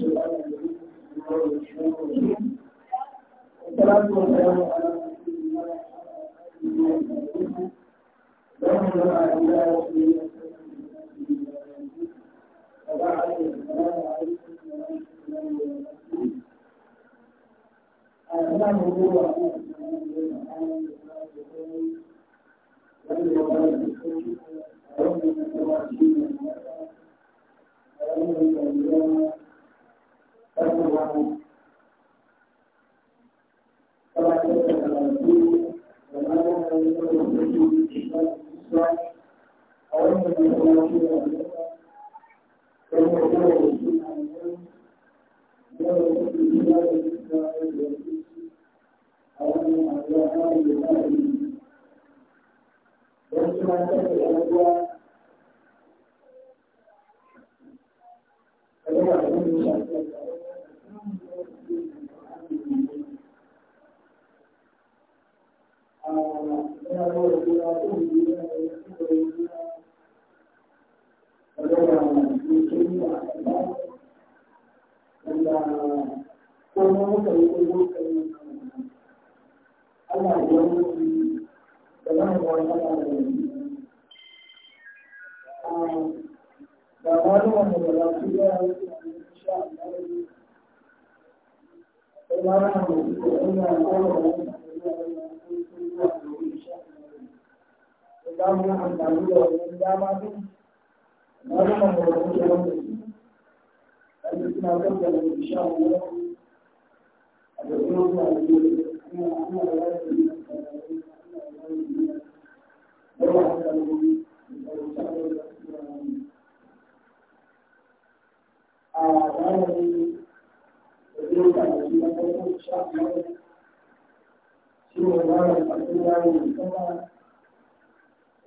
والسلام على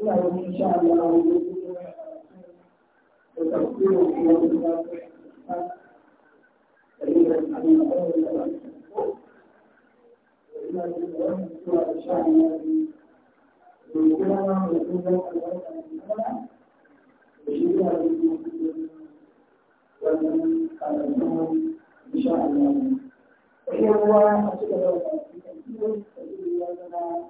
لكن إن شاء الله وتفكير في يوم الآخرة فإذا الحديث أول الأول وإذا الإمام سوى الشعر بالكلام ويكون الأول الأول وشيئا بالمسلم ومن قال لهم إن شاء الله وهي الله أشكر الله في تكثير سبيل الله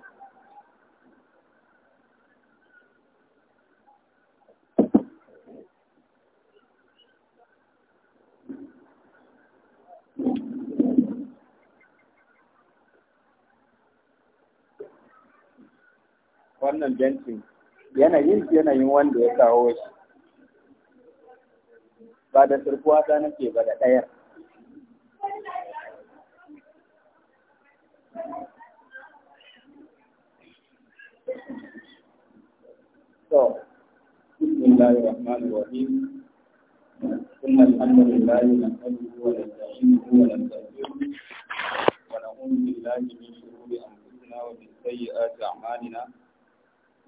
wannan bencin yanayin yanayin wanda ya kawo shi ba da turkuwa ta nake ba da ɗayar to bismillahir rahmanir rahim ثم الحمد لله نحمده ونستعينه ونستغفره ونعوذ بالله من شرور انفسنا ومن سيئات اعمالنا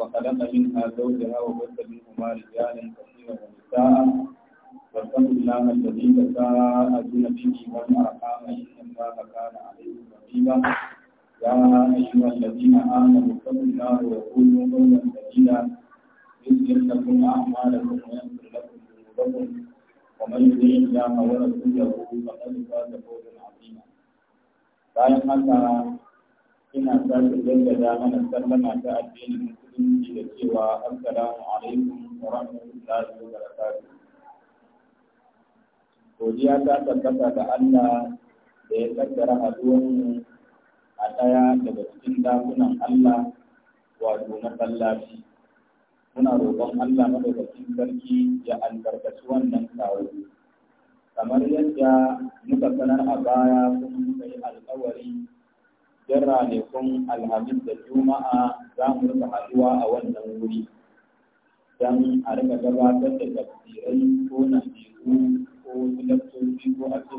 وخلق منها زوجها وبث منهما رجالا كثيرا ونساء واتقوا الله الذي تساءلون به والارحام ان الله كان عليكم رقيبا يا ايها الذين امنوا اتقوا الله وقولوا قولا سديدا يصلح لكم اعمالكم ويغفر لكم ذنوبكم ومن يطع الله ورسوله فقد فاز فوزا عظيما bayan haka ina sake jaddada mana sallama ta addinin musulunci da cewa assalamu alaikum wa rahmatullahi wa barakatuh godiya ta tabbata ga Allah da ya kaddara mu a daya daga cikin dakunan Allah wato masallaci muna roƙon Allah madaukakin sarki ya albarkaci wannan kawo kamar yadda muka sanar a baya kuma muka yi alƙawari yan ranakun alhamis da juma'a za mu rika haɗuwa a wannan wuri don a rika gabatar da tafsirai ko nasiru ko lakcoci ko a ce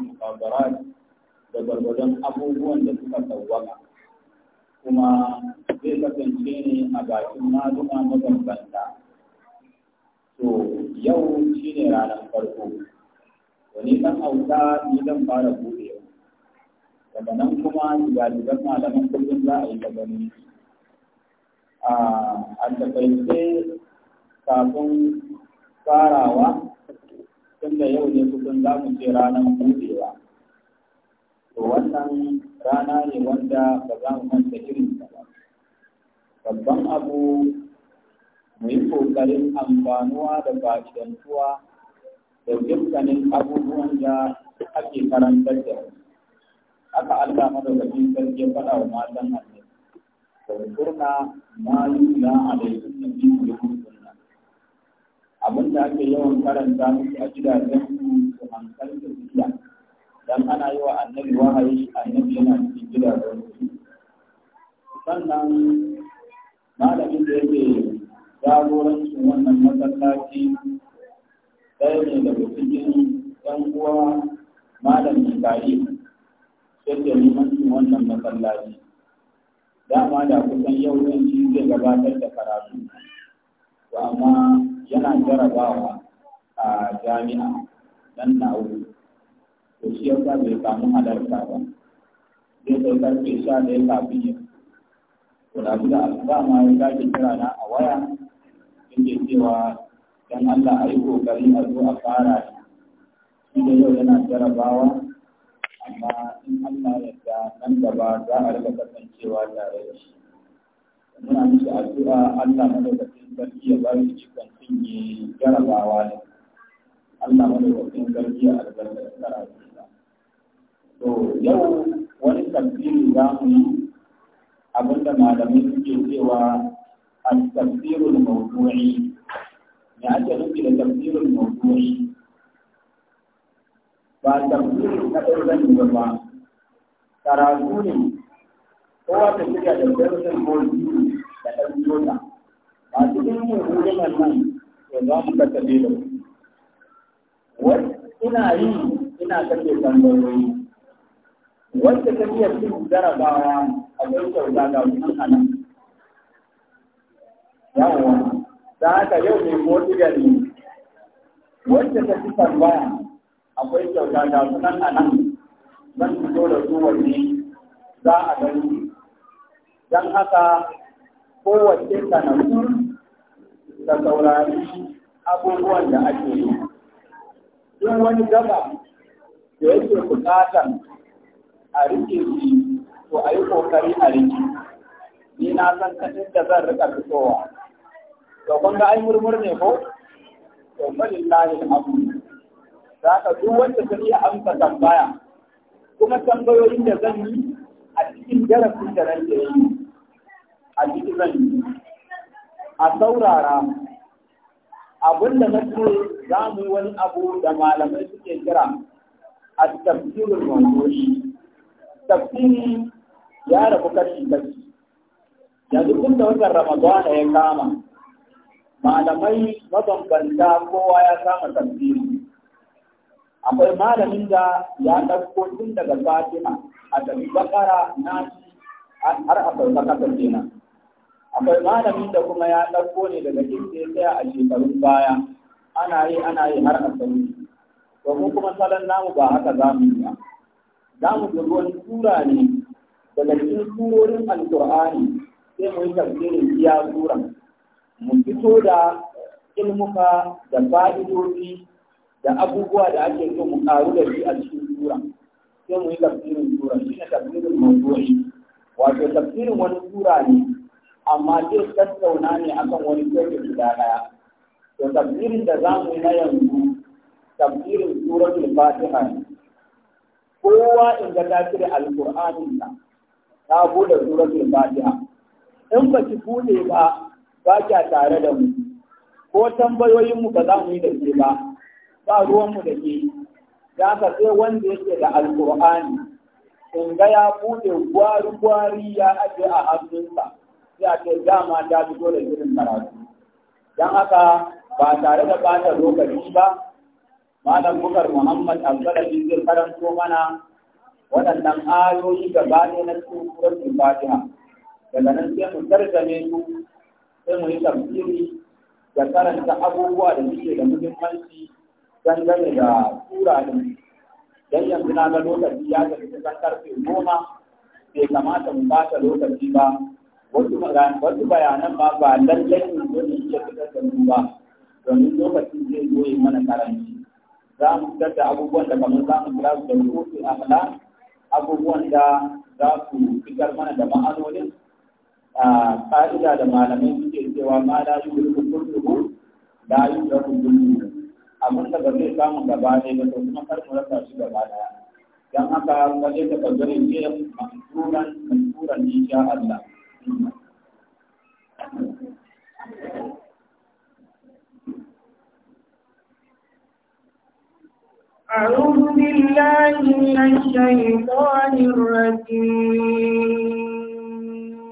da gwargwadon abubuwan da suka tsawwaka kuma zai kasance ne a bakin maluma mabambanta to yau shine ranar farko wani ɗan auta ni zan fara buɗewa daga nan kuma galiban malaman kullum za a yi ta gani a takaice kafin farawa tunda yau ne kusan za mu ce ranar budewa to wannan rana ne wanda ba za mu manta irin ba babban abu mu yi ƙoƙarin amfanuwa da fa'idantuwa da dukkanin abubuwan da ake karantar da su haka Allah madaukakin sarki ya faɗa wa matan Allah kurna ma yula alaikum min kulli sunna abin da ake yawan karanta musu a gidajen su hankali da siya dan ana yi wa annabi wahayi annabi yana cikin gidajen su sannan malamin da yake jagorancin wannan masallaci ɗaya ne daga cikin ɗan uwa malamin tarihi yadda limancin wannan masallaci dama da kusan yau ɗin shi zai gabatar da karatu to amma yana jarabawa a jami'a nan na to shi yasa bai samu halarta ba zai kai karfe sha ɗaya kafin ya to da da alfama ya sake kira na a waya inda cewa dan Allah a yi kokari a zo a fara shi da yau yana jarabawa amma in Allah ya yarda nan gaba za a rika kasancewa tare da shi muna mishi addu'a Allah madaukakin sarki ya ba shi ikon cinye jarabawa ne Allah madaukakin sarki ya albarka karatu to yau wani tafsiri za mu yi abinda malamai suke cewa al-tafsirul mawdu'i me ake nufi da tafsirul ba tafsiri na ɗaukan da ba karatu ne kowa da ba nan za mu kasa da ina wanda ta iya cin a kyauta ga ana yawon yau gari wanda ta fi tambaya akwai kyauta ga sunan a nan zan fito da su wanne za a gani don haka kowace sanannu da saurari abubuwan da ake yi duk wani gaba da yake buƙatan a rike shi to a yi ƙoƙari a rike ni na san kaɗin da zan rika fitowa to kun ga ai murmur ne ko to fa abu ne za ka duk wanda ta iya amsa tambaya kuma tambayoyin da zan yi a cikin darasin da nake yi a cikin zan yi a saurara abin da na ce za mu yi wani abu da malamai suke kira a tafsirin manzoshi tafsiri ya rabu kashi kashi yanzu kun da watan ramadana ya kama malamai mabambanta kowa ya kama tafsiri akwai malamin da ya ɗauko tun daga fatima a tafi bakara na har akwai sauka kenan akwai malamin da kuma ya ɗauko ne daga kinke tsaya a shekarun baya ana yi ana yi har a sauki to mu kuma salon namu ba haka za mu yi ba za mu ga ruwan tura ne daga cikin turorin alkur'ani sai mu yi tafsirin iya tura mu fito da ilmuka da fa'idodi da abubuwa da ake so mu karu da shi a cikin sura sai mu yi tafsirin sura shi ne tafsirin mawdu'i wato tafsirin wani sura ne amma zai tattauna ne akan wani topic guda daya to tafsirin da za mu yi na yanzu tafsirin suratul fatiha ne kowa in ga tafsiri alqur'anin ta ta bude suratul fatiha in ba ki bude ba ba kya tare da mu ko tambayoyinmu ba za mu yi da ke ba ba ruwanmu da ke za ka sai wanda yake da alkur'ani in ga ya bude gwari-gwari ya aje a hannunsa ya ce dama ta fito da irin karatu don haka ba tare da bata lokaci ba malam bukar muhammad abdullahi zai karanto mana waɗannan ayoyi gaba ne na cikin suratul fatiha daga nan sai mu tarjame su sai mu yi tafsiri da karanta abubuwa da suke da muhimmanci dangane da tura da dan yanzu na ga lokaci ya tafi kusan karfe goma bai kamata mu bata lokaci ba wasu bayanan ma ba lallai in zo ne iya fitar da mu ba domin lokacin zai zo mana karanci za mu fitar da abubuwan da kamar za mu kira su da rubutu amala abubuwan da za su fitar mana da ma'anonin a ƙa'ida da malamai suke cewa ma da yi gurgurgurgu la yi gurgurgurgu abin da ba zai samu gaba ne ba to kuma kar mu rasa shi gaba daya dan haka ba zai taɓa ganin ce mansuran mansuran insha Allah أعوذ بالله من الشيطان الرجيم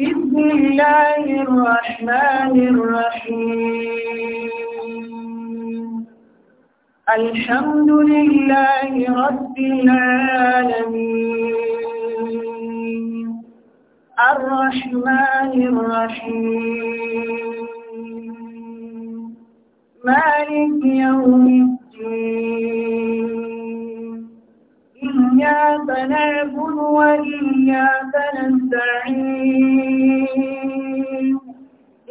بسم الله الرحمن الرحيم الحمد لله رب العالمين الرحمن الرحيم مالك يوم الدين إياك نعبد وإياك نستعين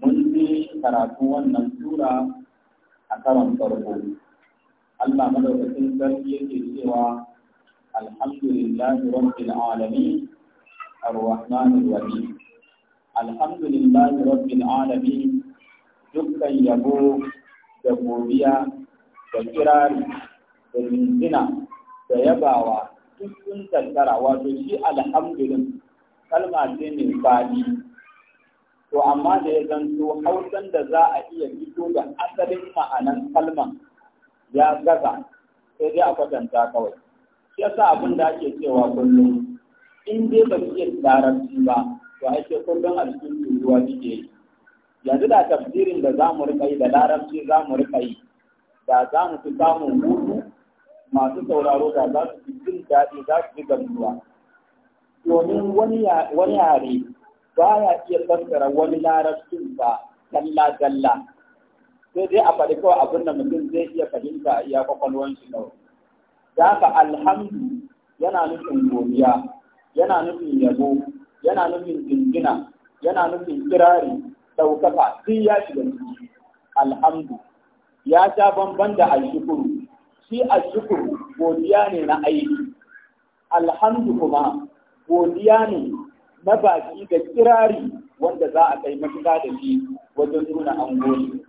mun yi karatu wannan tura a karon farko Allah madaukakin sarki yake cewa alhamdulillahi rabbil alamin arrahmanir rahim alhamdulillahi rabbil alamin dukkan yabo da godiya da kirari da mintina da yabawa duk sun tattara wato shi alhamdulillah kalma ce mai fadi to amma da ya zanto hausan da za a iya fito da asalin ma'anan kalman ya gaza sai dai a kwatanta kawai shi yasa abin da ake cewa kullum in dai ba su iya larabci ba to ake kullum a cikin turuwa suke yanzu da tafsirin da za mu rika yi da larabci za mu rika yi da za mu fi samun hutu masu sauraro da za su fi jin daɗi za su fi gamsuwa domin wani yare baya iya fassara wani larabcin ba dalla dalla sai dai a faɗi kawai abin da mutum zai iya fahimta a iya kwakwalwan shi kawai da ka alhamdu yana nufin godiya yana nufin yabo yana nufin jinjina yana nufin kirari ɗaukaka duk ya shiga ciki alhamdu ya sha bamban da alshukuru shi alshukuru godiya ne na aiki alhamdu kuma godiya ne na baki da kirari wanda za a kai matuka da shi wajen nuna angoli.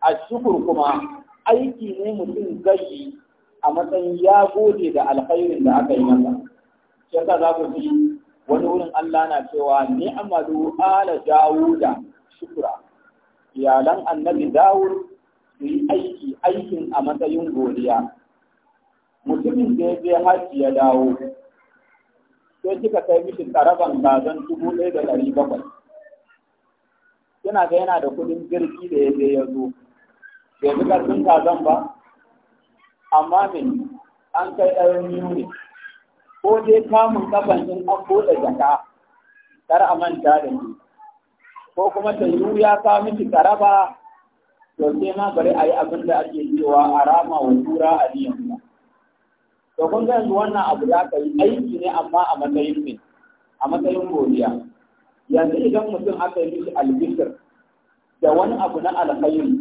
A shukur kuma aiki ne mutum zai yi a matsayin ya gode da alkhairin da aka yi masa. Shi za ku ji wani wurin Allah na cewa ni amadu ala Dawuda shukura. Iyalan annabi Dawud su yi aiki aikin a matsayin godiya. Mutumin da ya je hajji ya dawo sai kika kai mishi tsaraban bazan dubu ɗaya da ɗari bakwai kina ga yana da kuɗin jirgi da ya je ya zo bai fi ƙarfin kazan ba amma min an kai ɗarin ne ko dai kamun kafan in an buɗe jaka kar a manta da ni ko kuma ta yi ya sa miki karaba to sai ma bari a yi abin da ake cewa a rama wa tura a ba. to kun ga yanzu wannan abu ya kai yi aiki ne amma a matsayin ne a matsayin godiya yanzu idan mutum aka yi mishi albishir da wani abu na alkhairi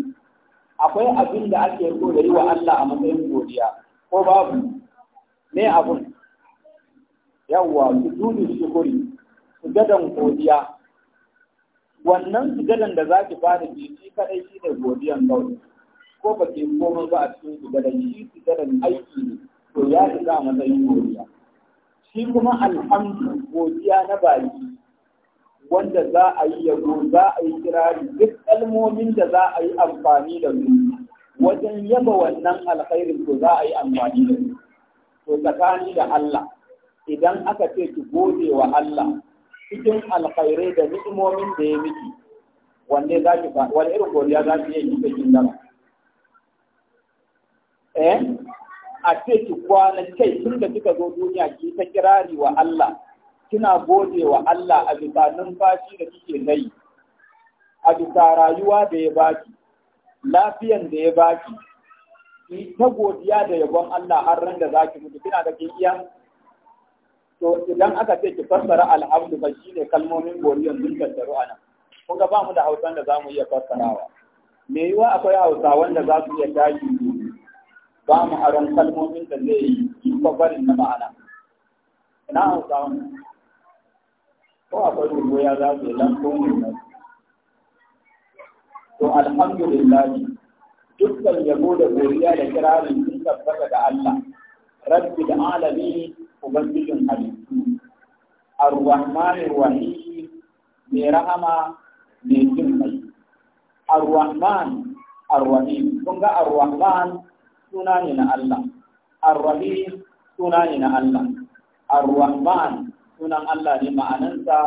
akwai abin da ake so da yi wa Allah a matsayin godiya ko babu ne abun yawwa kuri, su gadan godiya wannan su gadan da ki fara ji shi kadai shine godiyan kawai ko ba ke komai ba a cikin su gadan shi su gadan aiki ne to ya isa a matsayin godiya shi kuma alhamdu godiya na baki wanda za a yi yabo za a yi kirari duk kalmomin da za a yi amfani da su wajen yaba wannan alkhairin to za a yi amfani da su to tsakani da Allah idan aka ce ki gode wa Allah cikin alkhairai da ni'imomin da ya miki wanne za ki wani irin godiya za ki yi cikin dama eh a ce ki kwana kai tun da kika zo duniya ki ta kirari wa Allah kina gode wa Allah a bisa numfashi da kike nayi a bisa rayuwa da ya baki lafiyan da ya baki ki ta godiya da yabon Allah har ran da zaki mutu kina da kin to idan aka ce ki fassara alhamdu ba shine kalmomin godiyan dun tattaru anan kun ga ba mu da hausan da zamu iya fassarawa me yiwa akwai hausa wanda za su iya tashi ba mu aron kalmomin da zai yi kwabarin na ma'ana ina hausa ko akwai rubo ya za su yi lantoni na to alhamdulillah dukkan yabo da godiya da kirarin sun tabbata da Allah rabbi da alami ubangijin halittu ar-rahmanir rahim mai rahama mai jin kai ar-rahman ar-rahim kun ga ar-rahman suna ne na Allah ar na Allah ar sunan Allah ne ma'anansa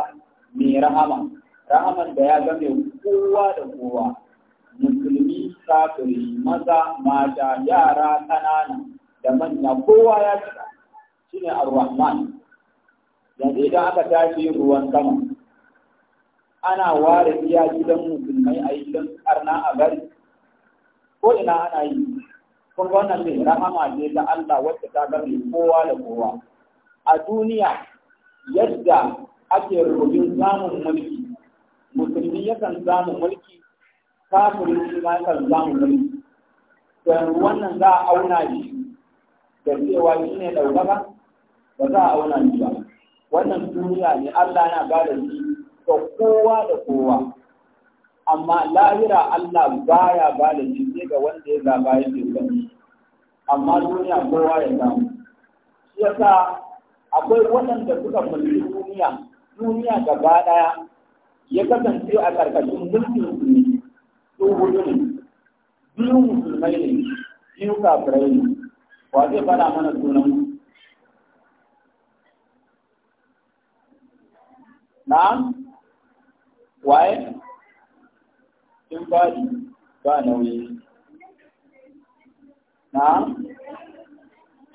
mai rahama rahaman da ya game kowa da kowa musulmi kafiri maza mata yara kanana da manya kowa ya shiga shine ar-rahman yanzu idan aka tashi ruwan sama ana ware iya gidan musulmai a yi don karna a gari ko ina ana yi kun ga wannan mai rahama ne ga Allah wacce ta gami kowa da kowa a duniya yadda ake rubin samun mulki musulmi yakan samu mulki kafirin shi ma yakan samu mulki to yanzu wannan za a auna shi da cewa shi ne ɗaukaka ba za a auna shi ba wannan duniya ne Allah yana ba da shi ga kowa da kowa amma lahira Allah baya ba da shi ga wanda ya zaba ya ce amma duniya kowa ya samu shi yasa akwai waɗanda suka mulki duniya duniya gaba ɗaya ya kasance a ƙarƙashin mulkin su ne su hudu ne biyu musulmai ne biyu kafirai ne wa zai fara mana sunan na waye in fadi ba nauyi na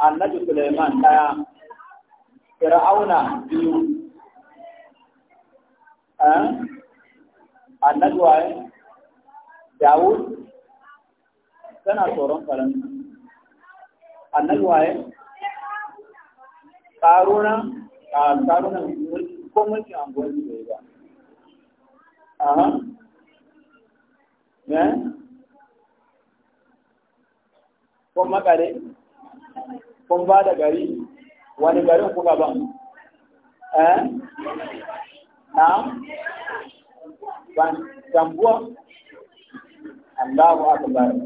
annabi Suleiman ɗaya fir'auna biyu eh? annabi waye Dawud tana tsoron faransa annabi waye karuna ah, karuna ko mulkin anguwar su bai ba Eh? kun makare kun ba da gari wani garin kuka eh? ban? eh na ban gambuwa Allahu akbar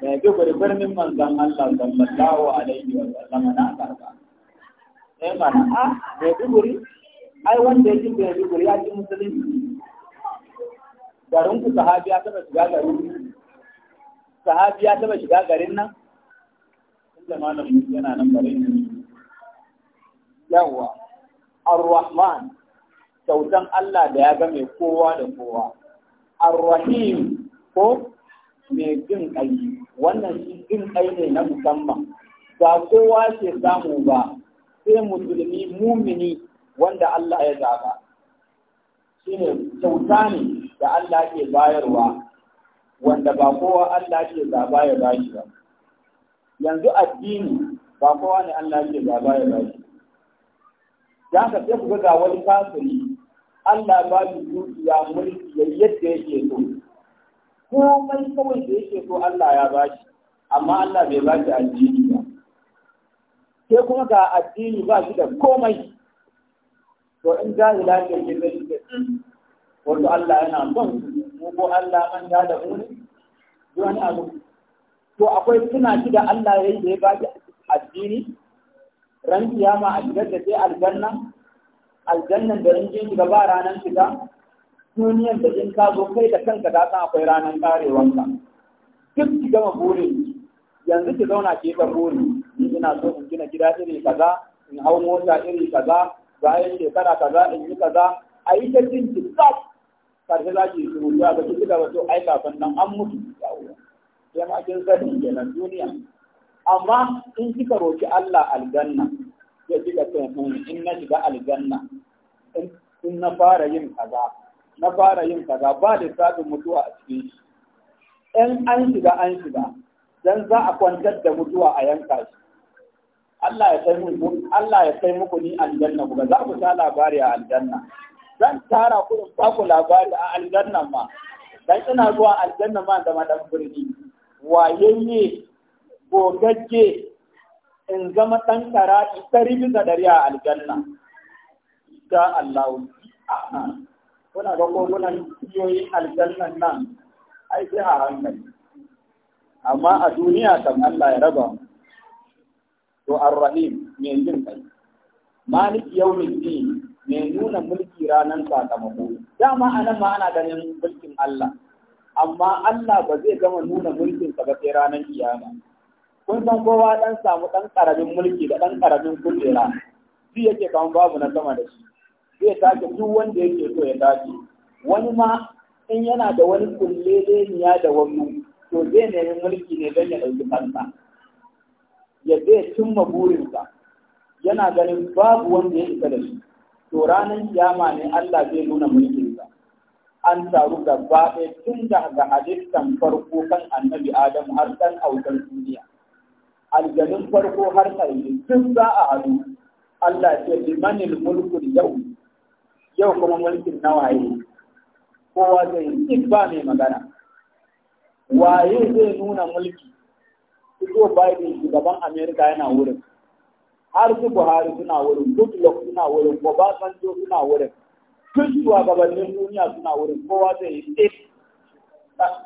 me duk birnin manzon Allah sallallahu alaihi wa sallam na karba eh mana a me duk ai wanda yake me duk ya ji musulunci Garinku sahabiya taɓa shiga garin sahabiya taba shiga garin nan inda yana nan bare yawa ar-rahman Tautan Allah da ya ga mai kowa da kowa ar-rahim ko mai jin kai wannan shi jin kai ne na musamman ba kowa ke samu ba sai musulmi mumini wanda Allah ya zaba shine kyauta ne da Allah ke bayarwa wanda ba kowa Allah ke zaba ya bashi ba yanzu addini ba kowa ne Allah ke zaba ya bashi Ya ka sai ku ga wani kafiri Allah ba shi dukiya mulki yadda yake so komai kawai da yake so Allah ya ba shi amma Allah bai ba addini ba sai kuma ga addini ba shi da komai to in jahila ke ke zai ce mm, wato Allah yana son mu ko Allah an ya da mu wani abu to akwai suna shi da Allah ya yi da ya baki addini ran kiyama a cikin da sai aljanna aljannan da in je shiga ba ranar shiga duniyar da in ka zo kai da kanka da san akwai ranar karewanka duk ki gama burin yanzu ki zauna ki ga buri ni ina so in gina gida iri kaza in hau mota iri kaza bayan shekara kaza in yi kaza a yi ta jin ki karshe za ki rubutu ba baki kika ba to ai kafin nan an mutu sai ma kin sani kenan duniya amma in kika roki Allah aljanna ya kika ce hmm, in na shiga aljanna in na fara yin kaza na fara yin kaza ba da lissafin mutuwa a cikin shi in an shiga an shiga dan za a kwantar da mutuwa a yanka shi Allah ya kai muku Allah ya kai muku ni aljanna ku za ku sha labari a aljanna zan tara ku in ba ku labari a aljanna ma dan ina zuwa aljanna ma da madan birni wayayye gogagge in zama dan karati tsari bisa dari a aljanna ga Allah kuna ga ko kuna yoyi aljannan nan ai sai a hankali amma a duniya kan Allah ya raba to ar-rahim mai jin kai maliki din mai nuna mulki ranar sakamako dama a nan ma ana ganin mulkin Allah amma Allah ba zai gama nuna mulkin sa ba sai ranar kiyama kun san kowa dan samu dan karamin mulki da dan karamin kujera zai yake kan babu na sama da shi zai tashi duk wanda yake so ya tashi wani ma in yana da wani kulleleniya da wani to zai nemi mulki ne don ya ɗauki kansa ya zai cimma burinsa yana ganin babu wanda ya isa da shi to ranar kiyama ne Allah zai nuna mulkinsa an taru gaba ɗaya tun daga halittan farko kan annabi Adam har ɗan autar duniya aljanin farko har ƙarshe tun za a hadu Allah ce limanin mulkul yau yau kuma mulkin na waye kowa zai yi ba mai magana waye zai nuna mulki bai da shugaban Amerika yana wurin har buhari suna wurin goodluck suna wurin obasanjo suna wurin duk shugabannin duniya suna wurin kowa zai yi state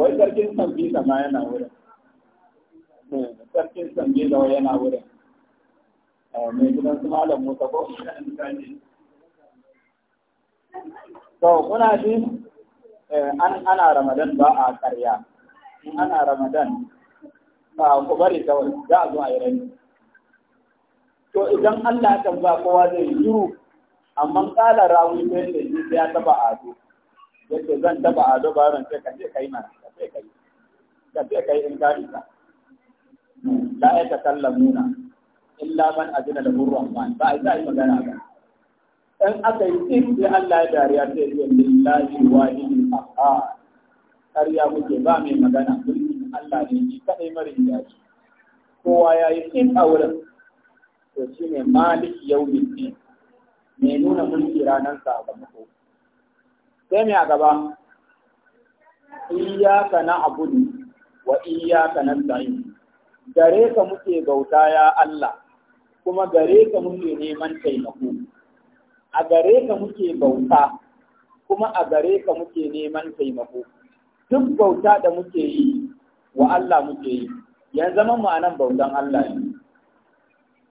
wai sarkin sambi ma yana wurin eh, sarkin sambi da yana wurin eh, mai gidan su malam musa ko to kuna ji eh, ana ramadan ba a karya in ana ramadan ba ku bari kawai za a zo a yi rani to idan Allah ta ba kowa zai shiru amma kala rawi sai da shi ya taba ado yadda zan taba ado ba ran sai ka je kai mana ka sai kai ka sai kai in ka isa la ya takallamuna illa man ajina da burwan ba za yi magana ba in aka yi sai Allah ya dariya sai ya lillahi wahidil ahad ƙarya muke ba mai magana mulkin Allah ne shi kaɗai marin yaji kowa ya yi tsin a wurin to shi ne malik yau ne mai nuna mulki ranar sakamako sai mai a gaba iyaka na abudu wa iyaka na sa'in gare ka muke bauta ya Allah kuma gare ka muke neman taimako a gare ka muke bauta kuma a gare ka muke neman taimako duk bauta da muke yi wa Allah muke yi yanzu mu anan bautan Allah ne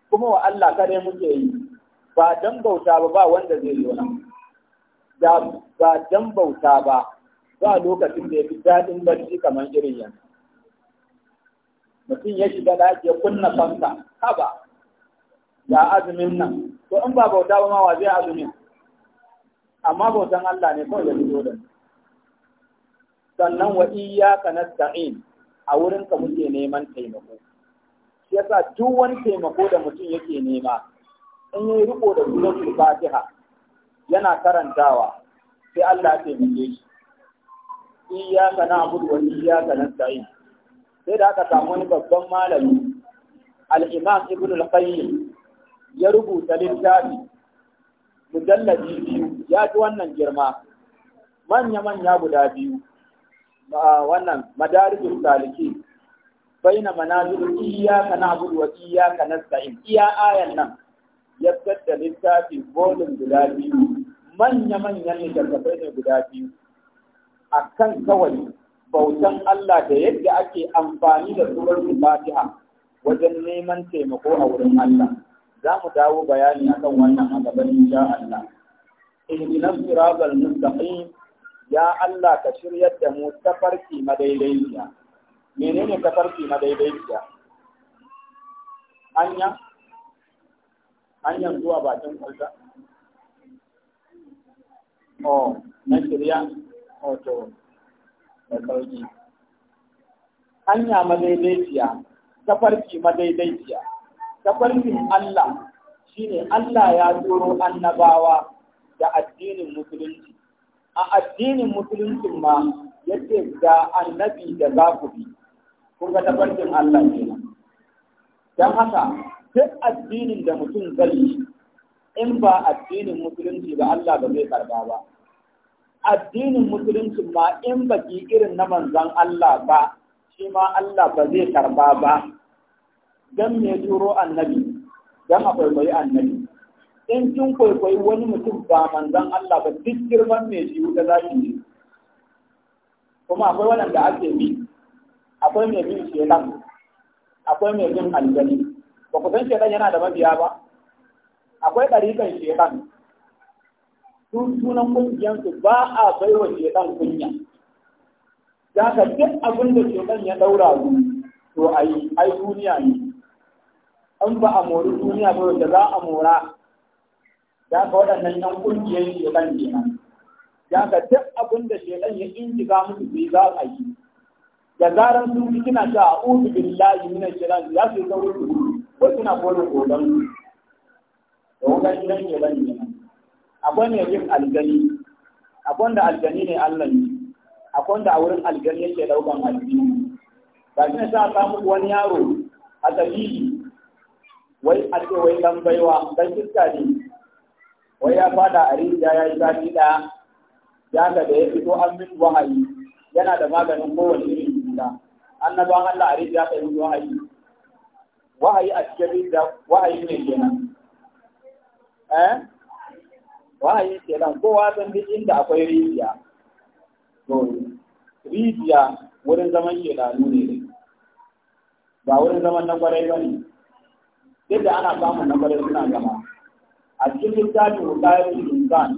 kuma wa Allah kare muke yi ba dan bauta ba ba wanda zai zo nan da ba dan bauta ba ba lokacin da ya fi daɗin barci kamar irin yanzu mutum ya shiga ɗaki ya kunna fanka haba Da azumin nan to in ba bauta ba ma wa zai azumin amma bautan Allah ne kawai da fito da sannan wa iyyaka nasta'in a wurin ka muke neman taimako shi yasa duk wani taimako da mutum yake nema in yi riko da suratul fatiha yana karantawa sai Allah ya taimake shi iyyaka na'budu wa iyyaka nasta'in sai da aka samu wani babban malami al-imam ibn al-qayyim ya rubuta littafi mujallabi biyu ya ji wannan girma manya-manya guda biyu wannan madarikin saliki baina manazil iyyaka na'budu wa iyyaka nasta'in iya ayan nan ya da littafi bolin guda biyu manya manyan littattafai ne guda biyu akan kawai bautan Allah da yadda ake amfani da surar Fatiha wajen neman taimako a wurin Allah za mu dawo bayani akan wannan a gaban insha Allah ihdinas siratal mustaqim ya Allah ka shiryar da mu tafarki madaidaiciya menene tafarki madaidaiciya hanya hanyar zuwa bakin kwalta o oh, na shirya o oh, to da sauki hanya madaidaiciya tafarki madaidaiciya tafarkin Allah shine Allah ya turo annabawa da addinin musulunci a addinin musuluncin ma yace ga annabi da za ku bi kun ga tabarkin Allah ne dan haka duk addinin da mutum zai yi in ba addinin musulunci ba Allah ba zai karba ba addinin musulunci ma in baki irin na manzon Allah ba shi ma Allah ba zai karba ba dan me turo annabi dan a kwaikwayi annabi in kin kwaikwayi wani mutum ba manzon Allah ba duk girman mai shi wuta za ki ne kuma akwai waɗanda ake bi akwai mai bin shelan akwai mai bin aljani ba ku san shelan yana da mabiya ba akwai ɗarikan shelan su sunan kungiyansu ba a baiwa shelan kunya za ka duk abin da shelan ya ɗaura su to a yi ai duniya ne an ba a mori duniya ba wanda za a mora ya ka waɗannan nan ƙungiyar shekan kenan ya ka duk abin da shekan ya ga musu bai za a yi da zarar sun fi kina ta a ubi billahi min shekan ya fi ta wuce ko suna kone kodon da wukan shekan shekan nan. akwai ne yin aljani akwai da aljani ne allah ne akwai da a wurin aljani yake ɗaukan aljini ba shi ne sa samu wani yaro a tafiyi wai a ce wai dan baiwa dan iska ne wai ya fada a rijiya ya yi zafi ɗaya ya ga da ya fito an min wahayi yana da maganin kowane irin cuta annabawan Allah a rijiya ta yi wahayi wahayi a cikin rijiya wahayi ne kenan eh wahayi kenan kowa san duk inda akwai rijiya to rijiya wurin zaman shedanu ne ne ba wurin zaman na kwarai ba ne duk da ana samun na kwarai suna gama a cikin littafin rukayen insan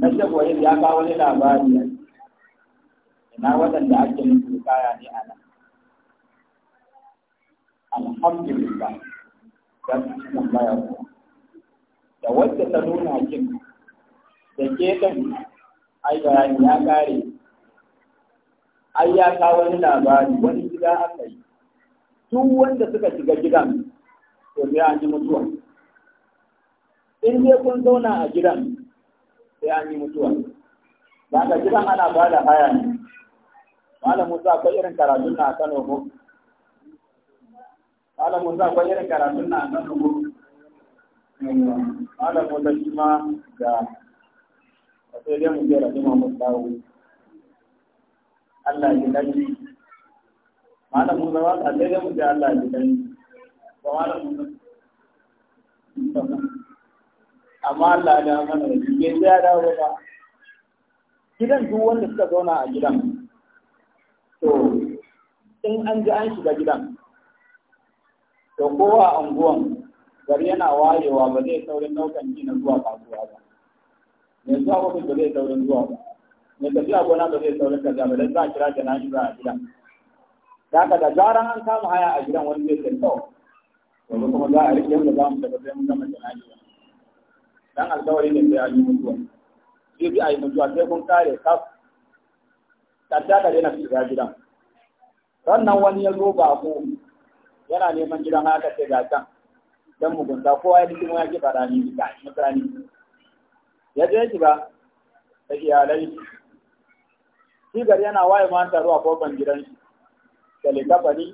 na shagwa yin ya kawo wani labari a ina waɗanda ake musu rukaya ne a nan alhamdulillah da cikin bayarwa da wadda ta nuna kin da ke ɗan ai ya kare ai ya kawo wani labari wani gida aka yi duk wanda suka shiga gidan to sai an ji mutuwa in dai kun zauna a gidan sai an yi mutuwa ba ka gidan ana ba da haya ne malam musa akwai irin karatun na kano ko malam musa akwai irin karatun na kano ko malam musa shi ma da sai dai mu je rahima mu dawo Allah ya dace malam musa ba sai dai mu je Allah ya dace ba malam musa amma Allah da mana da bai tsaya da ba gidan duk wanda suka zauna a gidan to in an ji an shiga gidan to kowa a unguwan gari yana wayewa ba zai saurin daukan ji na zuwa kasuwa ba mai zuwa ofis ba zai saurin zuwa ba mai tafiya gona ba zai saurin kaza ba da za a kira jana'iza a gidan da haka da zaran an kama haya a gidan wani zai sai kawai yanzu kuma za a rike yadda za mu daga sai mun gama jana'iza dan alkawari ne sai an yi mutuwa sai bi a yi mutuwa sai kun kare kaf tadda ka daina shiga gidan sannan wani ya zo ba ko yana neman gidan haka sai ga can dan mugunta kowa ya dukkan ya ke fara ni ga mutane ya je ki shiga da iyalai shi gari yana waye ma taro a kofan gidan shi da likafani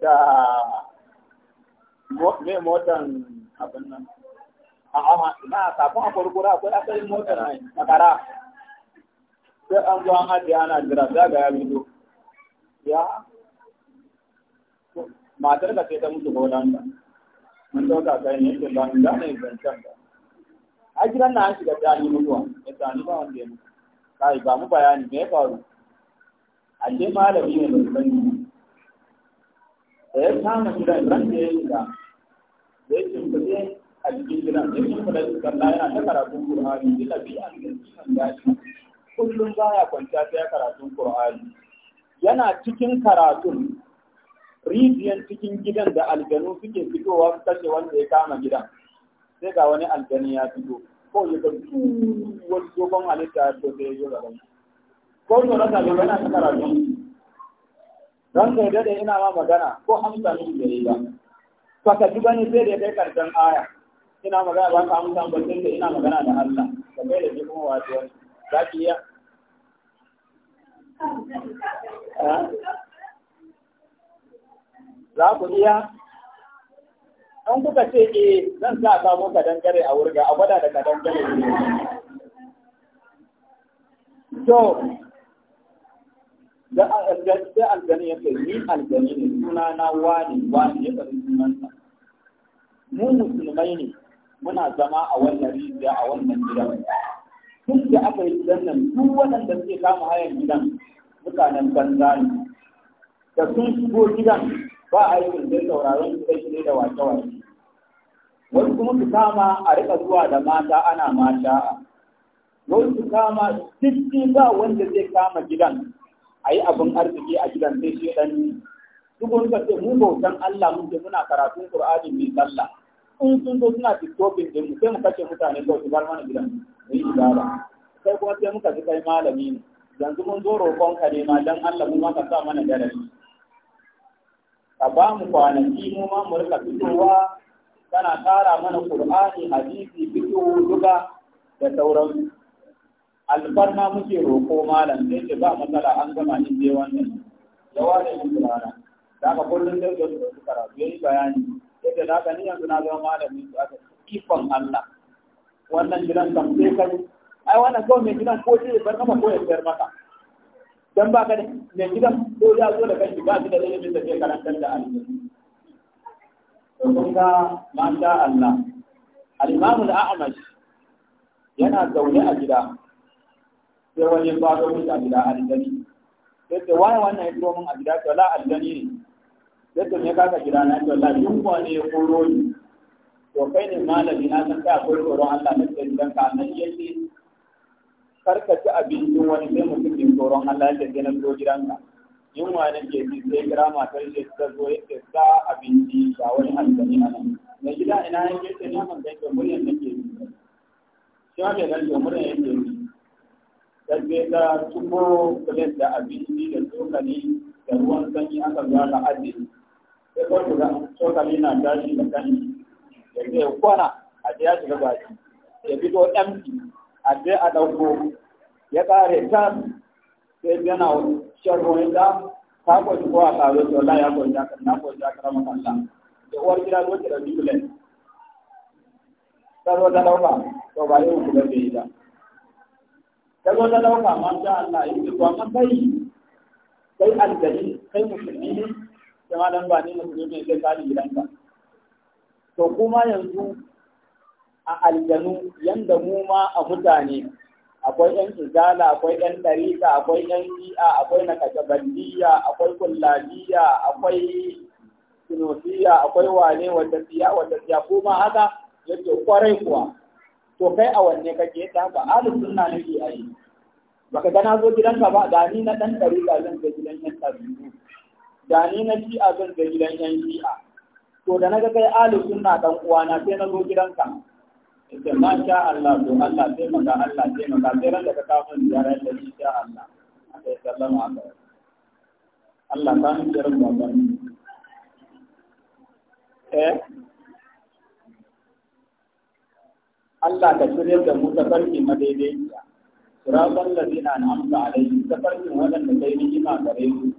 da me motan abin nan a'a na kafin a kurkura akwai asalin motar mai makara sai an zo an haɗe ana jira sai ga ya bido ya matar ka sai ta mutu ko landa mun ɗauka kai ne yake ba ni zane zancen ba a jiran na an shiga jani mutuwa ya sani ba wanda ya mutu kai ba mu bayani me ya faru a ce malami ne ba su sani da ya kama gidan ran da ya shiga da ya shimfiɗe a cikin gidan ya shimfiɗa da kalla yana ta karatun Qur'ani ya tafi an gaskiyan gashi kullum ya kwanciya sai karatun Qur'ani yana cikin karatun rijiyan cikin gidan da aljanu suke fitowa su kashe wanda ya kama gidan sai ga wani aljani ya fito ko ya ga wani dogon halitta ya fito sai ya yi gaban ko to rasa ga yana ta karatun dan sai dade ina ma magana ko hamsa ne da yi ba baka ji bane sai da ya kai karshen aya ina magana ba ka amsa batun da ina magana da Allah da kai da kuma wato za ki iya za ku iya an kuka ce ke eh, zan sa samu kadangare a wurga a gwada da kadangare to da aljani ya ce ni aljani ne suna na wani wani ya tsari sunansa mu musulmai ne muna zama a wannan rijiya a wannan gidan duk da aka yi gidan nan duk waɗanda suke kama hayan gidan mutanen banza ne da sun shigo gidan ba a yi sai sauraron su kai da wace-wace Wani kuma su kama a rika zuwa da mata ana mata wani su kama duk ba wanda zai kama gidan a yi abin arziki a gidan sai shi ɗan duk wani ce mu bautan Allah muke muna karatun Kur'anin mai sallah in sun zo suna disturbing mu sai mu kashe mutane kawai su bar mana gidan mu yi ibada sai kuma sai muka ji kai malami ne yanzu mun zo roƙon ka ne ma dan Allah mu ma ka sa mana darasi ka ba mu kwanaki mu ma mu rika fitowa kana tara mana Qur'ani hadisi fito duka da sauran alfarma muke roƙo malam sai ce ba matsala an gama in je wannan yawa da yin rana da aka kullum da su karatu yayi bayani yadda na ka niyan yanzu na zama malamin su aka kifan Allah wannan gidan kan sai kai ai wannan kawai mai gidan ko zai bar kama ko ya sayar maka dan ba ka da mai gidan ko ya zo da kanki ba shi da ilimin da ke karantar da Allah kun ga manta Allah al-Imam al-A'mash yana zaune a gida sai wani ya zo mishi a gida aljani sai ce wani wannan ya zo mun a gida to la aljani ne sai ka me kaka gida na ce wallahi yunwa ne ya koro ni to kai ne malami na san kai akwai tsoron Allah na ce gidan ka nan yake karka ci abincin wani sai mutum din tsoron Allah ya ce na zo gidanka yunwa ne ke ji sai kira matar shi ta zo ya ce sa abinci ga wani hankali a nan mai gida ina yake ce ni man kai to muryan nake yi shi ma bai gani to muryan yake yi sai ta tuko kulen da abinci da tsokani da ruwan sanyi aka zuwa ka ajiye sai ko kula cokali na tashi da kan yanzu ya kwana a ya shiga baki ya fito empty a je a ɗauko ya ƙare ta sai yana shan ruwan da ta kwanci ko a ƙaro ya kwanci aka na kwanci aka rama kanta da uwar gida zo ki da bibulen ta zo ta ɗauka to ba yau kula bai yi da ta zo ta ɗauka ma sha Allah yi ko amma kai kai aljani kai musulmi ne da malam ba ne mutum ne sai ka gidanka to kuma yanzu a aljanu yanda mu ma a mutane akwai yan izala akwai yan dariƙa akwai yan shi'a akwai nakatabandiya akwai kulladiya akwai sinosiya akwai wane wata siya wata siya kuma haka yake kwarai kuwa to kai a wanne kake ta ba ahlus sunna ne ke Ba baka gana zo gidanka ba gani na dan dariƙa zan je gidan yan tabi'u da ni na ci zan da gidan yan shi'a to da na ga kai ali sunna dan uwana sai na zo gidanka yace ma sha Allah to Allah sai maka Allah sai maka sai ran da ka kawo min ziyara da shi sha Allah sai sallama alaihi Allah ta ni da rabba ban eh Allah ka shirya da mu tafarki madaidaiciya. Surafan ladina na amsa alaihi tafarkin waɗanda kai ni ni'ima gare mu.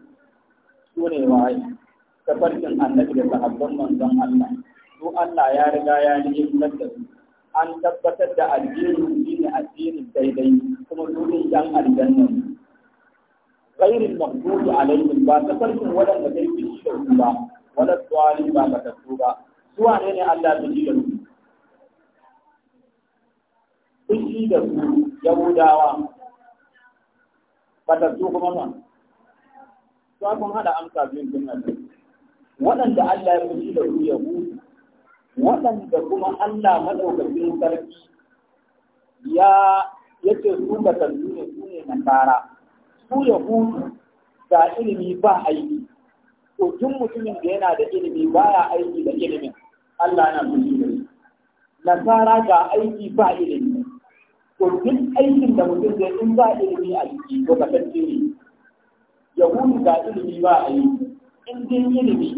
sune ne waye tafarkin annabi da sahabban manzon Allah su Allah ya riga ya ni'imtar da su an tabbatar da addinin shi ne addinin daidai kuma su ne yan aljanna ghairul maghdubi alaihim ba tafarkin waɗanda kai fi shi da su ba wala tsali ba ka su ba su wane ne Allah ya ji da su fushi da su yahudawa ba ta su kuma ma Za kun haɗa amsa biyun din nan. Waɗanda Allah ya fushi da su Yahudu, waɗanda kuma Allah maɗaukakin sarki ya yace su batattu ne su ne nasara. Su Yahudu ga ilimi ba aiki. To tun mutumin da yana da ilimi ba ya aiki da ilimin Allah na fushi da shi. Nasara ga aiki ba ilimi. To duk aikin da mutum zai in ba ilimi a jiki ko kasance ne yahudu ga ilimi ba a yi in din ilimi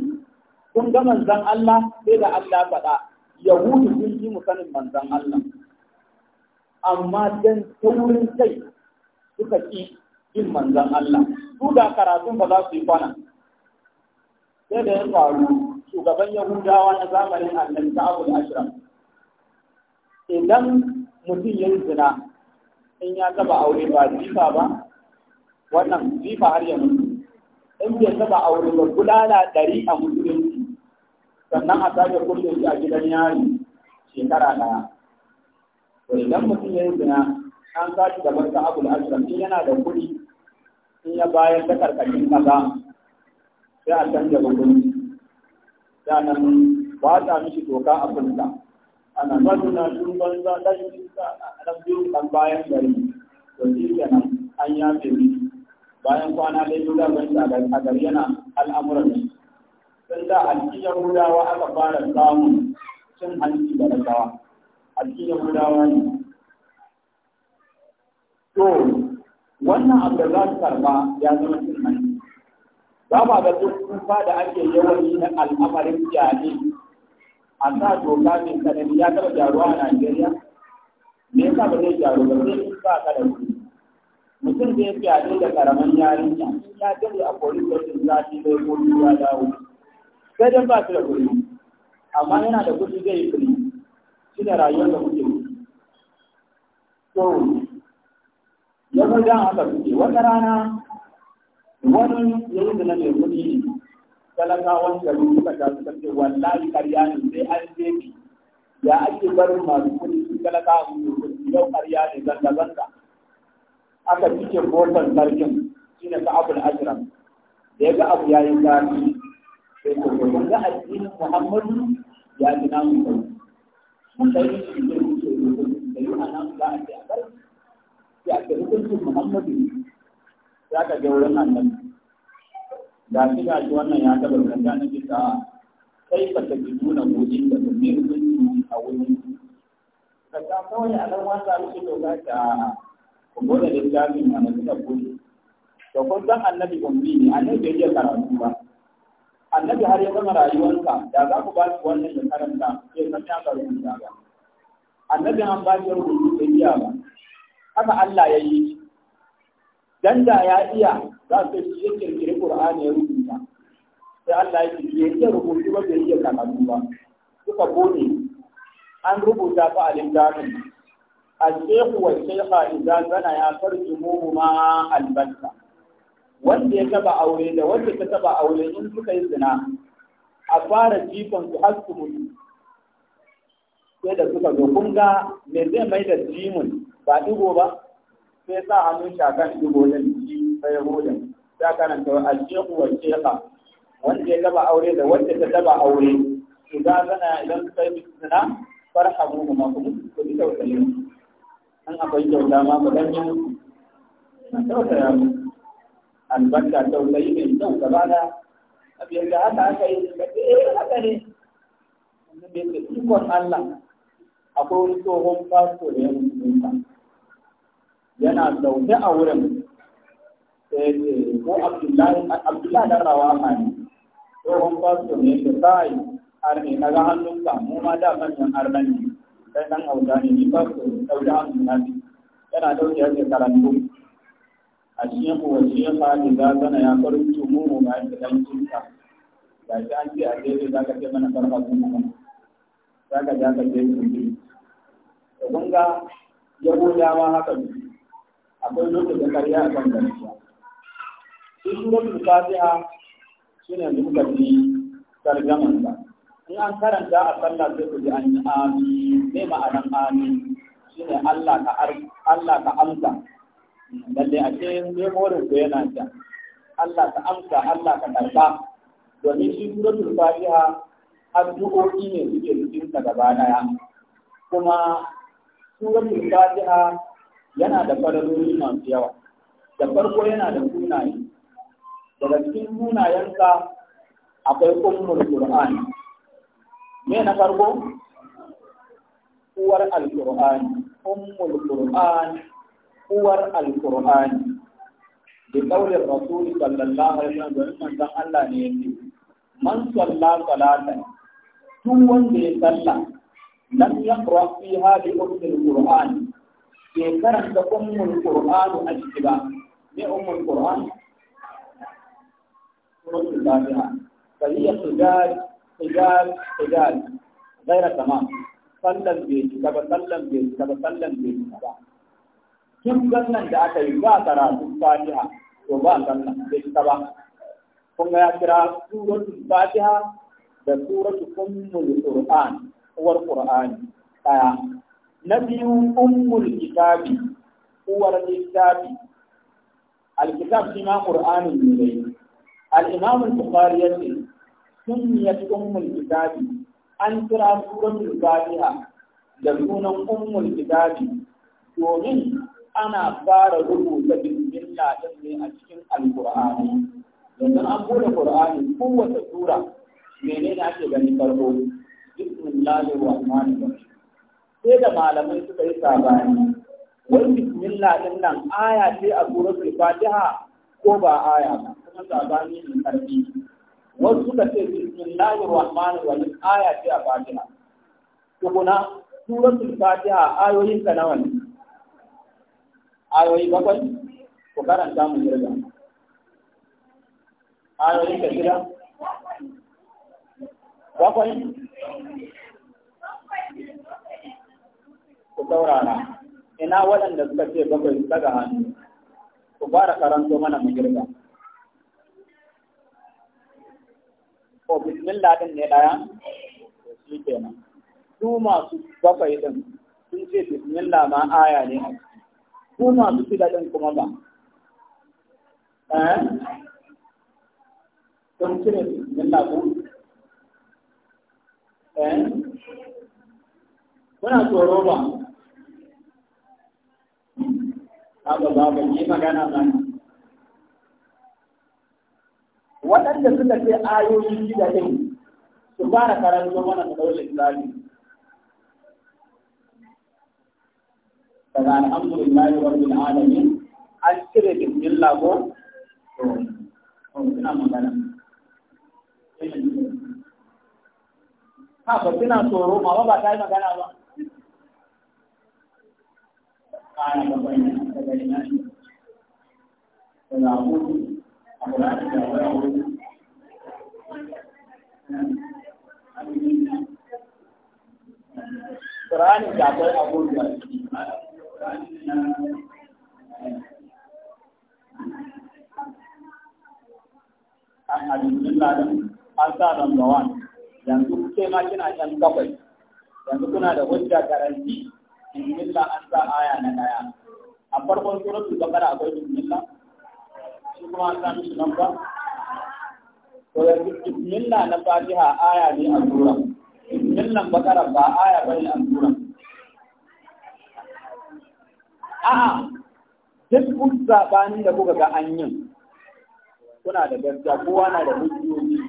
kun ga manzan Allah sai da Allah faɗa yahudu sun yi mu sanin Allah amma dan taurin kai suka ki yin manzan Allah su da karatun ba za su yi kwana sai da ya faru shugaban yahudawa na zamanin annabi Abu Ashraf idan mutum ya yi zina in ya taba aure ba jifa ba wannan jifa har yanzu in bai taba aure ba gudana ɗari a musulunci sannan a sake kulle shi a gidan yari shekara ɗaya to idan mutum ya yi zina an sake da barka abul ashram in yana da kuɗi in ya bayar da karkashin kaza sai a canja hukunci sannan ba ta mishi doka a kunta ana mazuna sun banza ɗan biyu ɗan bayan gari to shi kenan an yafe mishi bayan kwana dai yuda ban a gariyana al'amuran su sun da alki yahudawa aka fara samun cin hanci da rasawa alki yahudawa ne to wannan abu da za su karba ya zama cin hanci za ba ga duk kufa da ake yawan yi na al'amarin jami'i a sa doka mai tsanani ya taɓa gyaruwa a Najeriya? Me yasa ba zai gyaru ba zai sa ka da kuɗi. mutum da yake fyaɗe da karaman yarinya ya dare a kori station za shi dai ya dawo sai don ba shi da kuɗi amma yana da kuɗi zai yi kuɗi shi da rayuwar da kuke to ya fi jan haka kuke wata rana wani ya yi zina mai kuɗi talakawan garin suka ta suka ce wallahi karya ne sai an je ya ake barin masu kuɗi su talakawan a kuɗi yau karya ne zanga-zanga aka cike botan sarkin shi ne ka abin al'ajiran da ya ga abu ya yi zafi sai ko ko wanda addinin muhammadu ya ji namu ko mun da yi shi ne ke da yi anan za a ce a bar Ya a ce hukuncin muhammadu ya ka ga wurin annabi ga shi ga shi wannan ya taɓa ganga na bisa kai ba ta ji nuna gojin da ta ne hukunci a wurin ka samu wani alamata su doga ta ko da littafin mana suka bude to kun san annabi ummi ne annabi bai iya karatu ba annabi har ya gama rayuwarsa da za ku ba shi wannan ya karanta sai san ya karatu da ba annabi an ba shi rubutu bai iya ba haka Allah ya yi dan da ya iya za su shi ya kirkiri Qur'ani ya rubuta sai Allah ya ce ya rubutu ba bai iya karatu ba suka bone an rubuta fa a littafin الشيخ والشيخة إذا زنيا فارجموهما البتة wanda ya taba aure da wanda ta taba aure in suka yi zina a fara jifan su har su mutu sai da suka zo kun me zai mai da jimin ba digo ba sai sa hannun shakan digo din ji sai hudun ya karanta wa asheku wa sheka wanda ya taba aure da wanda ta taba aure idan zana idan suka yi zina farhamu ma ku mutu ku bi an akwai kyauta ma ku dan yi tausaya mu albarka yi mai kyauta ba da abin da haka aka yi ka ce eh haka ne wannan bai ce ikon Allah akwai wani tsohon fasto da ya mutunta yana zaune a wurin sai ce ko Abdullahi Abdullahi dan Rawaha ne tsohon fasto ne da yi har ne kaga hannunka mu ma da manyan arnan ne kai dan hausa ne ni ba ku dauda an nabi yana dauke yake karantu a cikin kuwa shi ya fadi za zana ya karantu mu mu ba ka dan kinka ga shi an ce a daidai za ka ce mana farfa sun nan za ka ja ka je kirki da kun ga yahudawa haka ne akwai lokacin karya a kan gaskiya shi shugaban fatiha shine da muka ji tarjamansa in an karanta a sallah sai ku an yi amin ne ma'anar amin shine Allah ka Allah ka amsa lalle a ce morin ku yana da Allah ka amsa Allah ka karba domin shi suratul fatiha addu'o'i ne suke cikin ta gaba daya kuma suratul fatiha yana da fararori masu yawa da farko yana da sunaye daga cikin sunayensa akwai ummul qurani me na farko uwar alqur'ani ummul qur'an uwar alqur'ani bi qawli rasul sallallahu alaihi wasallam manzon Allah ne yake man salla salatan tun wanda ya salla lam yaqra fiha bi ummul qur'an ke karanta ummul qur'an a cikin ba me ummul qur'an suratul fatiha fa hiya tudad Ijal rijal gaira tamam sallan bai cika ba sallan bai cika ba sallan bai cika ba duk sallan da aka yi ba karatu fatiha to ba sallan bai cika ba kun ya kira suratul fatiha da suratul ummul qur'an uwar qur'ani daya na biyu ummul kitabi uwar littafi alkitab shi ma qur'anin ne al-imam al-bukhari yace sunniyat ummul kitabi an kira suratul fatiha da sunan ummul kitabi domin ana fara rubuta bismillah din ne a cikin alqur'ani yanzu an bude qur'ani kowace sura menene ake gani farko bismillahir rahmanir rahim sai da malamai suka yi sabani wai bismillah din nan aya ce a suratul fatiha ko ba aya ba kuma sabani ne karfi wasu suka ce bismillahir rahmanir rahim aya ce a fatiha tukuna suratul fatiha ayoyin ka nawa ne ayoyi bakwai ku karanta mu jirga ayoyin ka shida bakwai ku saurara ina waɗanda suka ce bakwai su daga hannu ku fara karanto mana mu girga ko bismillah din ne daya shi kenan su masu bakwai din sun ce bismillah ma aya ne su masu shida din kuma ba eh sun cire bismillah ko eh kuna tsoro ba Haka ba, ban yi magana ba. waɗanda suka ce ayoyi shida ɗin su fara karanto mana su ɗaure islami daga alhamdulillahi rabbil alamin an cire bismillah ko to suna magana ha ba suna tsoro ma ba ta yi magana ba ƙara gaba ne daga ina ne daga hudu Ƙirani da akwai abubuwa an number one yanzu ma kina yanzu kuna da hujja garanti an aya na farkon suratul baqara akwai shi kuma an sa mishi lamba to yanzu bismillah na fatiha aya ne a sura bismillah bakara ba aya bane a sura a'a duk kun sabanin da kuka ga an yin kuna da gaskiya kowa na da hujjoji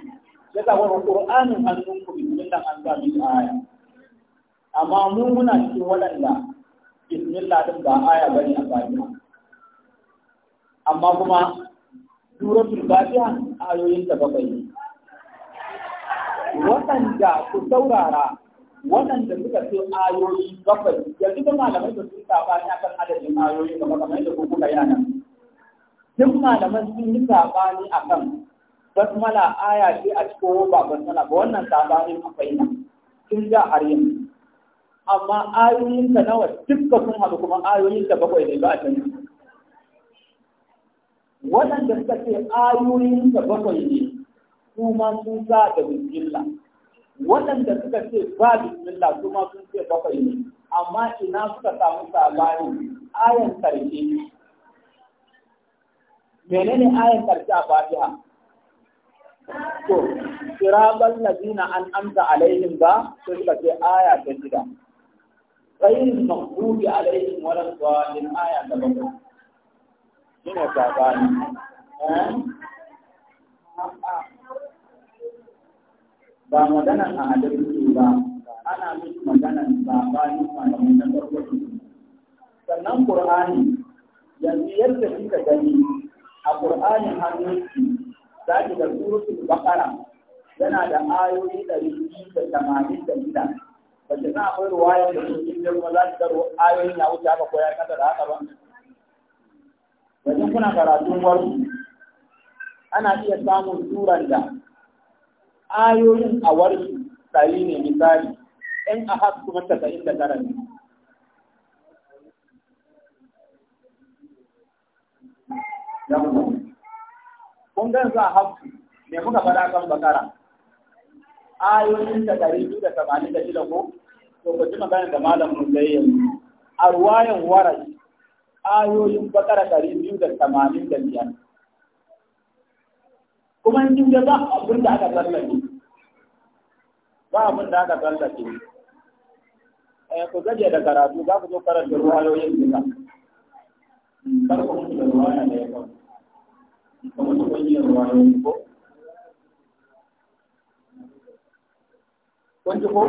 ya sa wani qur'anin hannun ku bismillah an sa mishi aya amma mu muna cikin waɗanda bismillah din ba aya bane a fatiha amma kuma suratul fatiha ayoyin ta bakwai waɗanda ku saurara waɗanda suka ce ayoyi bakwai yanzu da malamai da sun saba ni akan adadin ayoyi kamar kamar yadda ku kuka yana duk malamai sun yi saba ne akan basmala aya ce a cikin ba basmala ba wannan saba akwai nan sun ja har yanzu amma ayoyin ta nawa dukkan sun haɗu kuma ayoyin ta bakwai ne ba a canza waɗanda suka ce ayoyin da bakwai ne su ma sun sa da bismillah waɗanda suka ce ba bismillah su ma sun ce bakwai ne amma ina suka samu sabani ayan karshe menene ayan karshe a fatiha to siratal ladina an amsa alaihim ba sai suka ce aya ta shida غير المغضوب عليهم ولا الضالين ta 7 yana saɓani ba maganan a adabin ke ba ana musu maganan saɓani malamai na farko sannan Kur'ani, yanzu yadda kika gani a ƙur'anin hannunki za ki ga suratul baqara yana da ayoyi ɗari biyu da tamanin da shida ba ki san akwai ruwayar da sun yi kuma za ki ga ayoyin na wuce haka ko ya kasa da haka ba yanzu kuna karatun wasu ana iya samun turan da ayoyin a warsu tsari ne misali ɗan a haɗu kuma tasa'in da tara ne kun gan za a haɗu me muka faɗa kan bakara ayoyin da ɗari biyu da tamanin da shida ko to ku ji magana da malamin musayyar a ruwayan warashi ayoyin bakara ɗari biyu da tamanin da biyar. Kuma in ga ba abin da aka tsallake, ba abin da aka tsallake. Eh, ku gaje da karatu za ku zo karanta ruwayoyin duka. Kar ku mutu da ruwaya da ya kawo. Ku mutu kun yi ruwayoyin ko? Kun ji ko?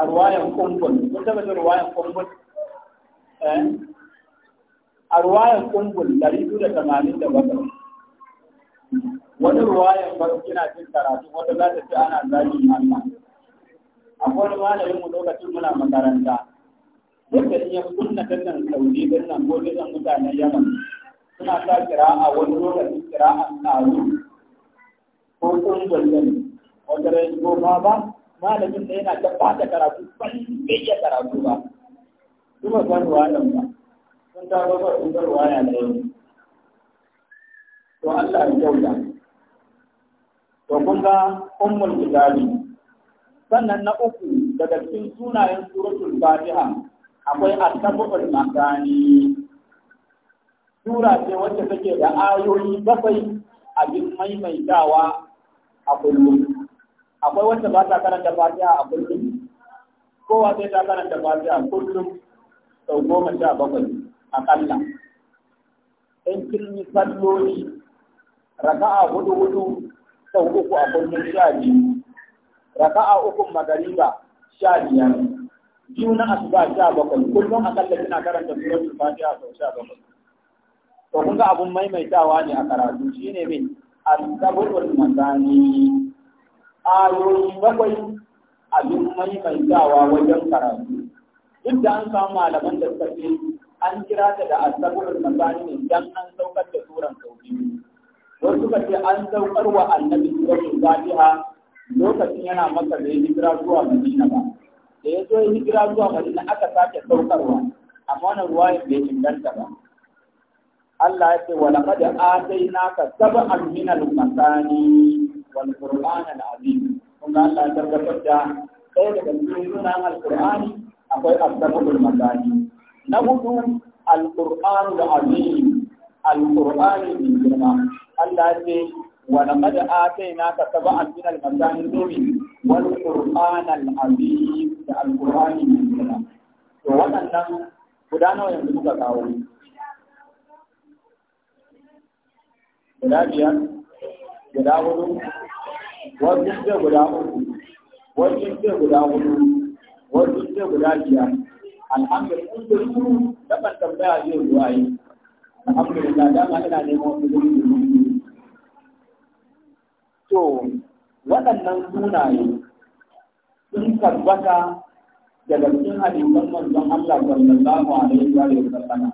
A ruwayan kumbun, kun taɓa ruwayan kumbun? Eh? a ruwayan da 287 wani ruwayan baro kina cin karatu wata za ta ce ana zagin Allah akwai malamin mu lokacin muna makaranta yadda in ya kunna dannan saudi dannan ko dannan mutanen yaman suna sa kira a wani lokacin kira a tsaro ko kungul din wata rai ko ma ba malamin da yana ta bata karatu ban bai iya karatu ba kuma san ruwayan ba sun ta zo ba in zarwa ya ne to Allah ya kyauta to kun ga ummul kitabi sannan na uku daga cikin sunayen suratul fatiha akwai asabul makani sura ce wacce take da ayoyi bakwai a abin maimaitawa a kullum akwai wacce ba ta karanta fatiha a kullum kowa sai ta karanta fatiha kullum sau goma sha bakwai aƙalla in kin yi salloli a hudu hudu sau uku a kullum sha biyu raka a uku magariba sha biyar biyu na asuba sha bakwai kullum aƙalla kina karanta suratul fatiha sau sha bakwai to kun ga abun maimaitawa ne a karatu ne min al-sabul masani ayoyi bakwai abin maimaitawa wajen karatu duk da an samu malaman da suka ce an kira ta da asabulul masani ne dan an saukar da suran sau biyu wasu suka ce an saukar wa annabi suratul fatiha lokacin yana maka da hijira zuwa madina ba da ya zo hijira zuwa madina aka sake saukarwa amma wannan ya bai inganta ba Allah ya ce wa laqad atainaka sab'an min al-masani wal qur'an al-azim kun ga Allah ya tabbatar da ɗaya daga cikin sunan al-qur'ani akwai asbabul masani na hudu alƙur'anu da azim alƙur'ani da girma Allah ya ce wa sai na ka sab'an min al-masani domin wal qur'an al-azim da al-qur'ani mai girma to waɗannan guda nawa yanzu muka kawo guda biyar guda hudu wasu ce guda uku wasu ce guda hudu wasu ce guda biyar alhamdulillah da tambaya zuwa yi neman to waɗannan sunaye sun tabbata daga cikin hadisan manzon Allah sallallahu alaihi wa sallam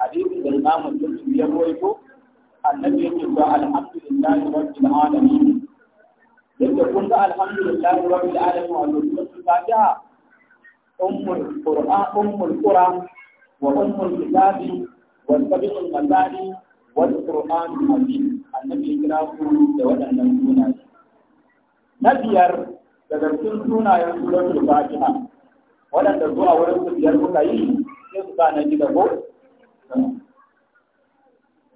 hadisin da Imam Muslim ya rawaito annabi yake cewa alhamdulillahi rabbil alamin yadda kun ga alhamdulillahi rabbil alamin wa lullul fatiha أم القرآن أم القرى وأم الكتاب والسبق المثاني والقرآن الحكيم النبي كرافه دولة نبينا نبيار تدرسون سونا يقولون الفاتحة ولا تزوى ولن تبيار مكاين يبقى نجد هو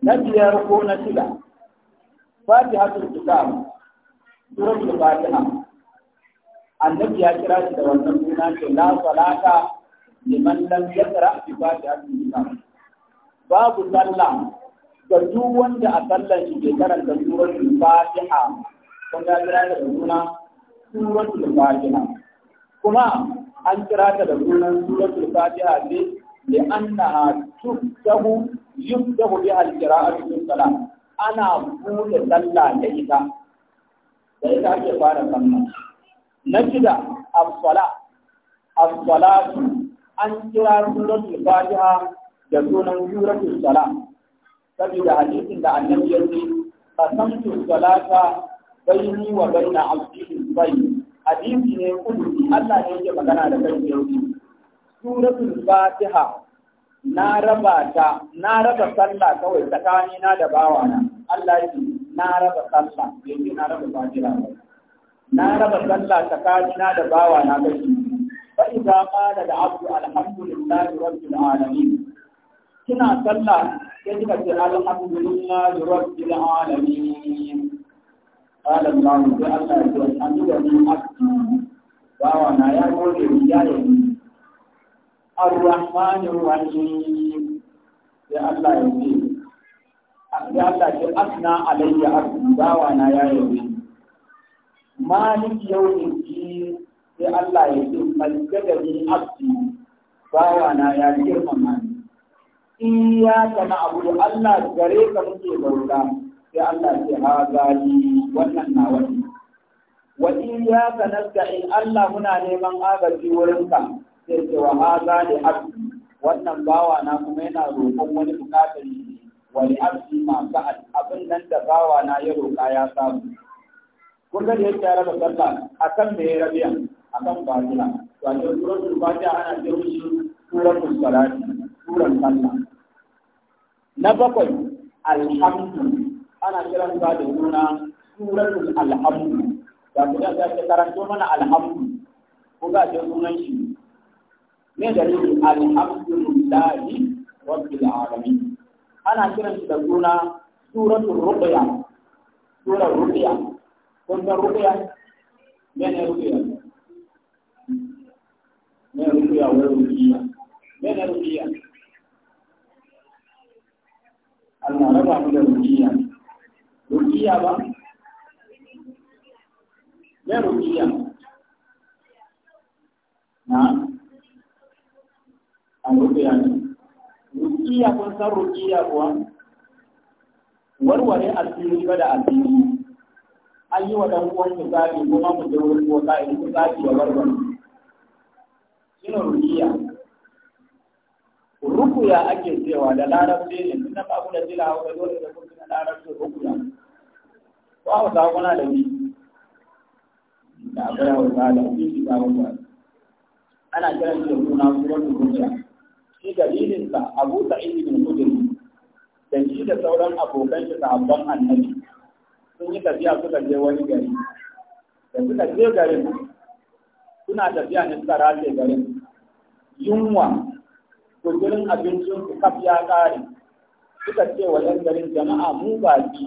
نبيار هو نشلة فاتحة الكتاب سورة الفاتحة annabi ya kira shi da wannan suna ce la salata liman lam yaqra bi fatihatil kitab babu sallah ga duk wanda a sallar shi ke karanta suratul fatiha kun ga kira da suna suratul fatiha kuma an kira ta da sunan suratul fatiha ne li annaha tuftahu yuftahu bi al-qira'ati min salat ana buɗe sallah da ita da ita ake fara sallah na shida as-sala as an kira suratul fatiha da sunan suratul sala saboda hadisin da annabi ya ce qasamtu salata baini wa baina abdi bayni hadisi ne kudusi Allah ne yake magana da kai yau suratul fatiha na raba ta na raba sallah kawai tsakanina da bawana Allah yake na raba sallah yake na raba fatiha na raba sallah tsakanina da bawa na gashi fa idza qala da abdu alhamdulillahi rabbil alamin kina sallah sai kika ce alhamdulillahi rabbil alamin qala allah sai allah ya ce alhamdulillahi akbar bawa na ya gode ya yi arrahmanir rahim sai allah ya ce sai allah ya ce asna alayya abdu bawa na ya yi malik yawmin din sai Allah ya ce malkadari abdi bawa na ya girmama ni iyyaka abu Allah gare ka muke bauta sai Allah ce ce hazali wannan na wani wa iyyaka in Allah muna neman agaji wurin ka sai ce wa hazali abdi wannan bawa na kuma yana roƙon wani bukatar shi wani abdi ma abin nan da bawa na ya roƙa ya samu kun ga da yake raba sallah akan me rabiya akan fatiha wato suratul fatiha ana cewa shi suratul salati suran sallah na bakwai alhamdu ana kiran ba da suna suratul alhamdu wato da ta karanto mana alhamdu Kuma ga da sunan shi ne da rubu alhamdulillahi rabbil alamin ana kiran shi da suna suratul ruqya suratul ruqya قلنا رقية من رقية من رقية ورقية من رقية أنا ربع من رقية رقية بقى من رقية نعم الرقية rukiya kun san rukiya kuwa warware asiri ba da asiri an yi wa ɗan uwan ki zaɓi kuma mu je wurin boka in ku zaɓi ya warware shine rukiya rukuya ake cewa da larabci ne tunda ba ku da jila hausa dole da kuma larabci rukuya ko hausa kuna da ni da akwai hausa da kuma shi ba ku ana kiran shi da suna suratul rukuya shi dalilinsa abu sa'id bin kudri da shi da sauran abokan shi sahabban annabi sun yi tafiya suka je wani gari da suka je garin suna tafiya ne suka rataye garin yunwa gudurin abincin su kaf ya ƙare suka ce wa yan garin jama'a mu ba baki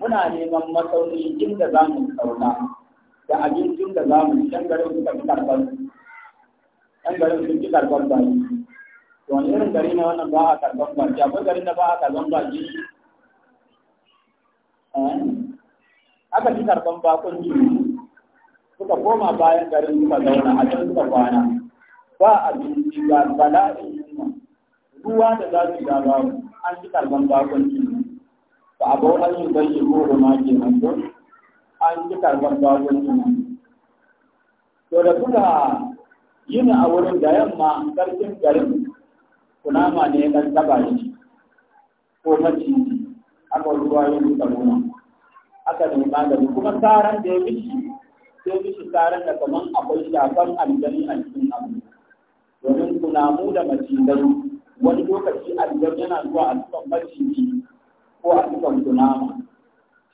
muna neman matsauni inda za mu sauna da abincin da za mu yan garin suka fi karɓar yan garin sun fi karɓar baki to wani irin gari na wannan ba a karɓar baki akwai garin da ba a karɓar baki aka ci karban bakon suka koma bayan garin suka zauna a can suka kwana ba a abinci ba bala'in yunwa ruwa da za su ga babu an ci karban bakon ba a bau an yi zai goro ma ke an ci karban bakon to da suka yin a wurin da yamma sarkin garin kunama ne ya kan taba shi ko maciji aka ruwa yin suka nuna aka nemi magani kuma tsaron da ya mishi sai mishi tsaron da kamar akwai shafan aljani a cikin abu domin kunamu da macizai wani lokaci aljan yana zuwa a cikin maciji ko a cikin kunama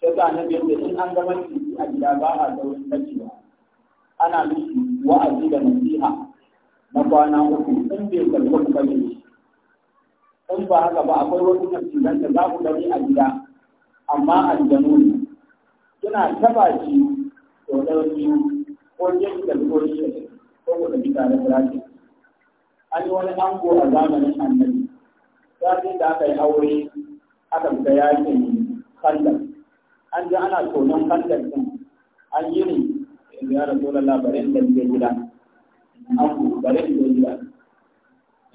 sai ta biyar da in an ga maciji a gida ba a saurin kacewa ana mishi wa'azi da nasiha na kwana uku in bai karɓi kuma bane in ba haka ba akwai wasu macizan da za ku gani a gida amma aljanu ne suna taba shi ko dauki ko jin kalkoshi ko ko da bisa da farashi an yi wani ango a zamanin annabi sai da aka yi aure aka fita yakin khandar an ji ana tonon khandar din an yi ne ya rasulullah barin da ke gida ango barin da gida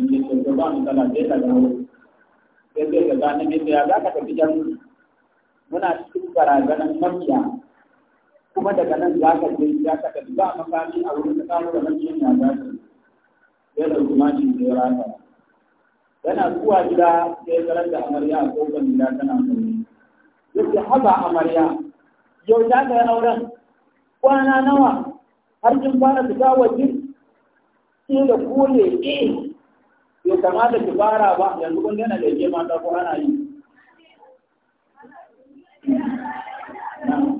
in ce to ba mu kala sai ka dawo sai sai ka gane me ya za ka tafi jan. muna cikin barazanar mafiya kuma daga nan za ka je ya ka tafi ba makami a wurin da samu da mafiyan ya za ka ya da kuma shi da ya rata yana zuwa gida sai zarar da amarya a kogon gida tana zaune yake haba amarya yau za ka yi auren kwana nawa har kin fara fita waje sai da kole eh bai kamata ki fara ba yanzu kun yana da ke mata ko ana yi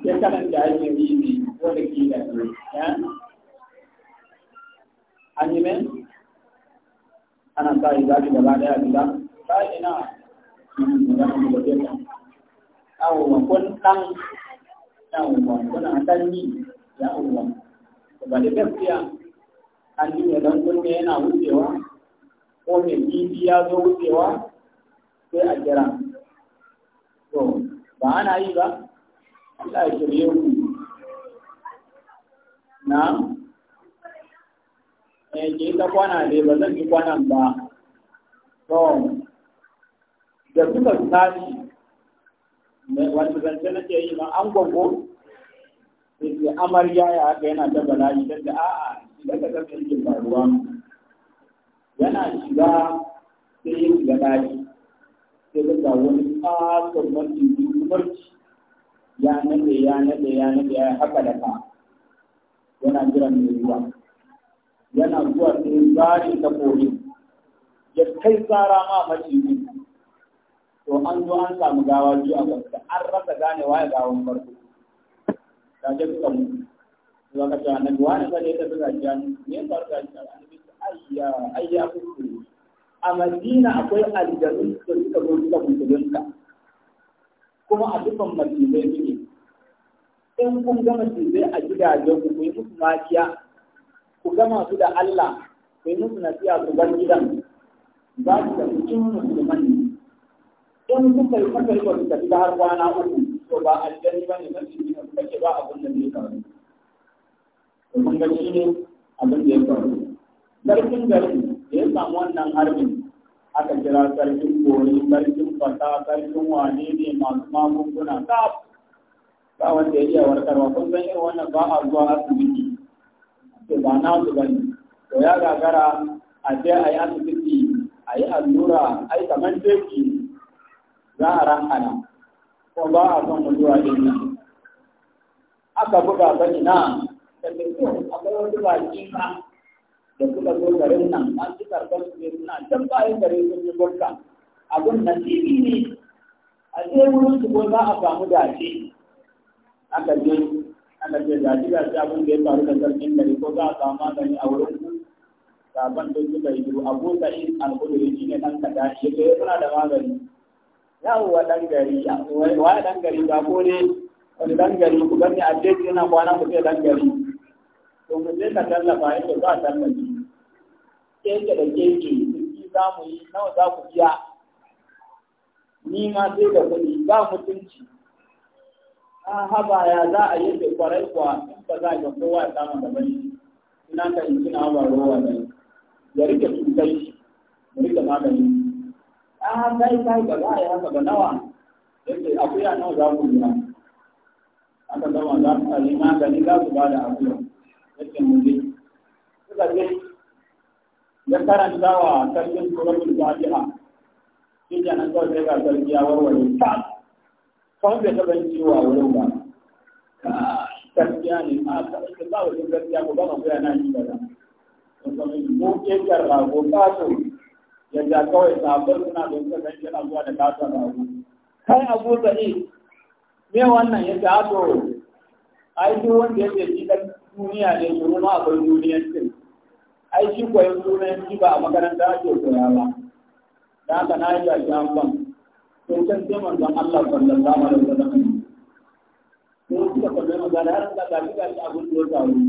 ya da ake yi ne wanda ke da ya an yi men ana sa yi zafi gaba daya gida ba ina magana da ke kan yawon kun ɗan yawon kuna ɗan yi yawon ba da gaskiya an yi ne don kunne yana wucewa ko mai kifi ya zo wucewa sai a jira ba ana yi ba Allah ya shirye ku na eh ke ta kwana ne ba zan yi kwanan ba to da suka tsari wanda zance nake yi ma an gwangwo yake amarya ya haka yana ta bala'i don da a'a da ka kasa yake faruwa yana shiga sai ya shiga daji sai ga wani tsakon mafi mulki ya nade ya nade ya nade ya haka da ka yana jiran mai ruwa, yana zuwa sai zari da kori ya kai tsara ma maciji to an zo an samu gawa biyu a gaske an rasa ganewa ya gawon farko ta je suka mutu zuwa ka ce annabi wani sai ta zuga jiya ne ya faru da shi annabi ayya ayya kuskure a madina akwai aljannu da suka zo suka mutunta kuma a dukkan masjidai suke in kun ga masjidai a gidajen ku yi musu makiya ku gama su da Allah ku yi musu nasiya ku bar gidan za su tafi cikin musulman ne in kun kai kafar ko ba su tafi har kwana uku to ba aljani ba ne masjidi ne kuka ke ba abin da ne kawai kun ga shi ne abin da ya faru sarkin garin da ya samu wannan harbin aka kira sarkin kori sarkin fata sarkin wane ne masu magunguna ta ba wanda ya iya warkarwa kun san irin wannan ba a zuwa asibiti ke ba na su bane to ya gagara a je a yi asibiti a yi allura a yi kamar teki za a rankana ko ba a son mutuwa din nan aka buga ba na, da akwai wani baki ba da suka zo garin nan an ci karɓar su ne suna can bayan gare sun yi burka abin nasibi ne a sai wurin su ko za a samu dace aka je aka ce dace da shi abin da ya faru da sarkin gari ko za a samu magani a wurin su sabon da suka yi duru abu sa'in al-kuduri shi ne ɗan kaɗa shi eh, ke suna da magani yawwa ɗan gari Waya ɗan gari ba ko ne wani ɗan gari ku gani a jeji yana kwana ku ce ɗan gari to mu je ka tallafa yadda za a tallafi keke da keke biki za mu yi nawa za ku biya ni ma sai da kuɗi ba mutunci a haba ya za a yi da kwarai kuwa in ba za a ga kowa ya samu da bane ina ka yi kina ba ruwa ne ya rike cutar ya rike magani a kai kai ba za a yi haka ba nawa yake akuya nawa za ku biya aka zama za su sami magani za su ba da akuya yake mulki ya karanta wa sarkin suratul fatiha shi ke nan kawai sai ga sarki ya warware ta bai taɓa ciwo a wurin ba gaskiya ne a gaskiya ma ke yadda kawai da kai me wannan duniya ne kuma ma akwai duniyancin ai shi koyon duniyanci ba a makaranta ake koya ba da haka na yi shi an ban sun can sai manzon Allah sallallahu alaihi da ne ko suka kalle maza da har da gashi gashi abin da ya samu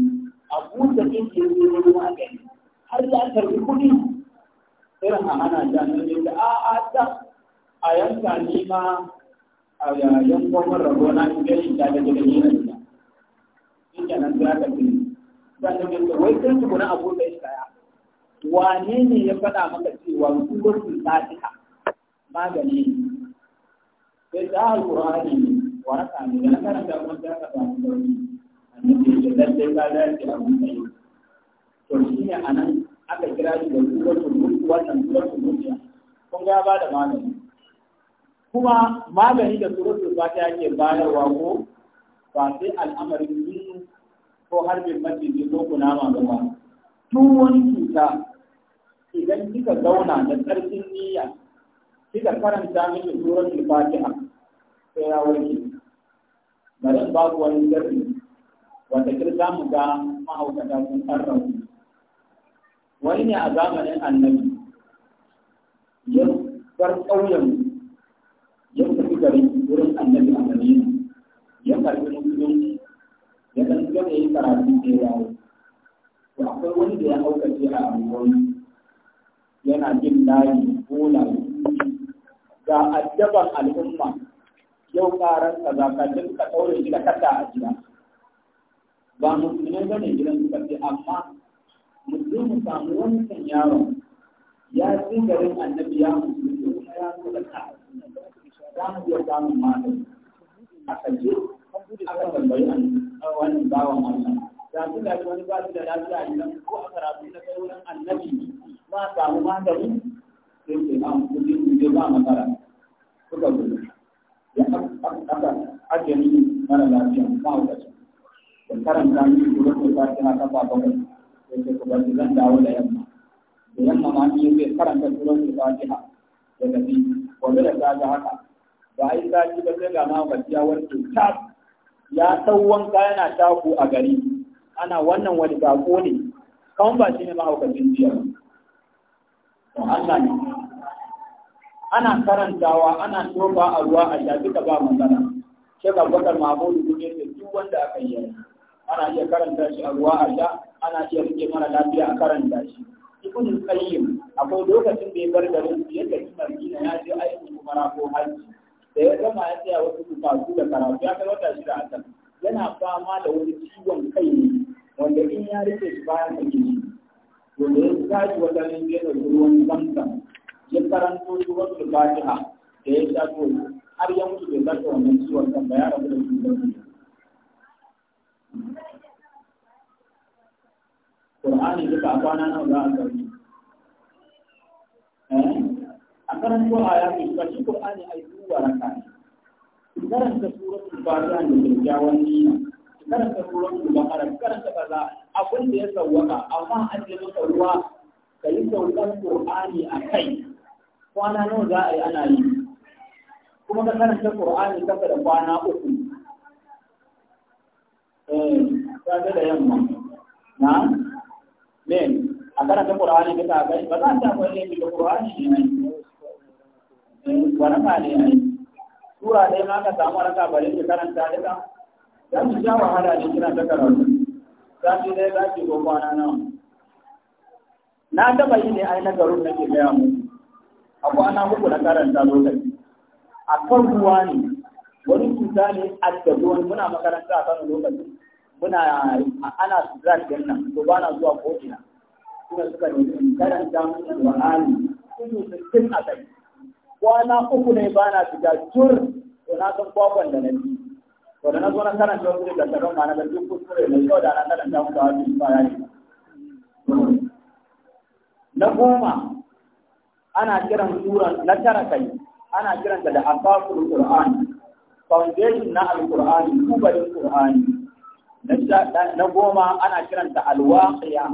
a buɗe kinki ya zo ne ma kai har ya karbi kuɗi irin a hana jami'in ne da a a ta a yanka ni ma a yayin gwamnan rabona in gani ta da gidan shi kenan sai aka ce sannan ya ce wai sai tukuna abu da ya wane ne ya faɗa maka cewa suratul fatiha magani sai ta alqur'ani ne waraka ne da karanta mun da ka samu sauki annabi ya lalle ka da ki abu sai to shi ne a nan aka kira shi da suratul mulk wannan suratul mulk kun ga ba da magani kuma magani da suratul fatiha ke bayarwa ko ba sai al'amarin yunnu ko harbin maciji ko kunama ba ba Tun wani cuta idan kika zauna da ƙarfin niyya kika karanta miki suratul fatiha sai ya warke bari in baku wani sirri wata kir za mu ga mahaukata sun karramu wani ne a zamanin annabi Yin bar ƙauyen ya tafi gari wurin annabi a ya karbi musulunci ya kan gane yi karatu da ya dawo to akwai wani da ya haukace a anguwan yana jin layi ko layi ga addaban al'umma yau karan ka za ka dinka ɗaure shi da kasa a jira. ba musulmai ba ne gidan suka ce amma musulmi samu wancan yaron ya ci garin annabi ya musulmi kuma ya zo da ka za mu iya samun magani akan je aka tambayi a wannan bawan Allah da su da wani ba su da lafiya a ko a karatu na annabi ma samu magani sai ke ba suka gudu ya mara lafiya da karanta ni ko ta kina sai ke ku bari zan dawo da yamma da yamma ma ni zai karanta gobe da ta haka ba a yi sati ba sai ga ma bakiya wani tas ya ɗau wanka yana taku a gari ana wannan wani bako ne kawon ba shi ne mahaukacin jiya Allah ne ana karantawa ana tofa a ruwa a shafi ka ba magana sai ga bakar mamudu guje da duk wanda aka yi ana iya karanta shi a ruwa a sha ana iya rike mara lafiya a karanta shi ibn qayyim akwai lokacin da ya bar garin yadda tafi madina ya je aikin kuma ko hajji da ya gama ya tsaya wasu kufatu da karatu ya kai wata shida a can yana fama da wani ciwon kai ne wanda in ya rike shi bayan a gini. to ya tashi wata ne ya ruwan zamzam ya karanto ruwan da fatiha da ya sha to har ya mutu bai zarta wannan ciwon kan ba ya rabu da ciwon Qur'ani duka a kwana nawa za a karbi. Eh? A karanto a yaƙi, ba shi Qur'ani a waraka ne karanta suratul fatiha da kyakkyawan niyya karanta suratul baqara karanta kaza abin da ya sawwaka amma an je maka ruwa ka yi sauƙar qur'ani a kai kwana nawa za a yi ana yi kuma ka karanta qur'ani kafa da kwana uku eh safe da yamma na men a karanta qur'ani kafa ba za ta akwai ne da qur'ani ne Wani waraka ne ai sura dai ma ka samu waraka bare ki karanta duka za ki sha wahala ne kira ta karanta. za ki dai za ki go kwana nawa na taba yi ne ai na garin nake gaya mu a kwana muku na karanta lokaci a kan ruwa ne wani cuta ne a da ruwan muna makaranta a kan lokaci muna ana drag din nan to ba na zuwa ko ina suka ne karanta mu da Sun yi sun a kai kwana uku ne ba na shiga jur to na san kwakwan da na bi to da na zo na da wasu da tsaron mana da duk kuskure mai kyau da na karanta muku a cikin baya na goma ana kiran sura na tara kai ana kiranta da asafur qur'an foundation na alqur'ani kubalin qur'ani na goma ana kiranta alwaqiya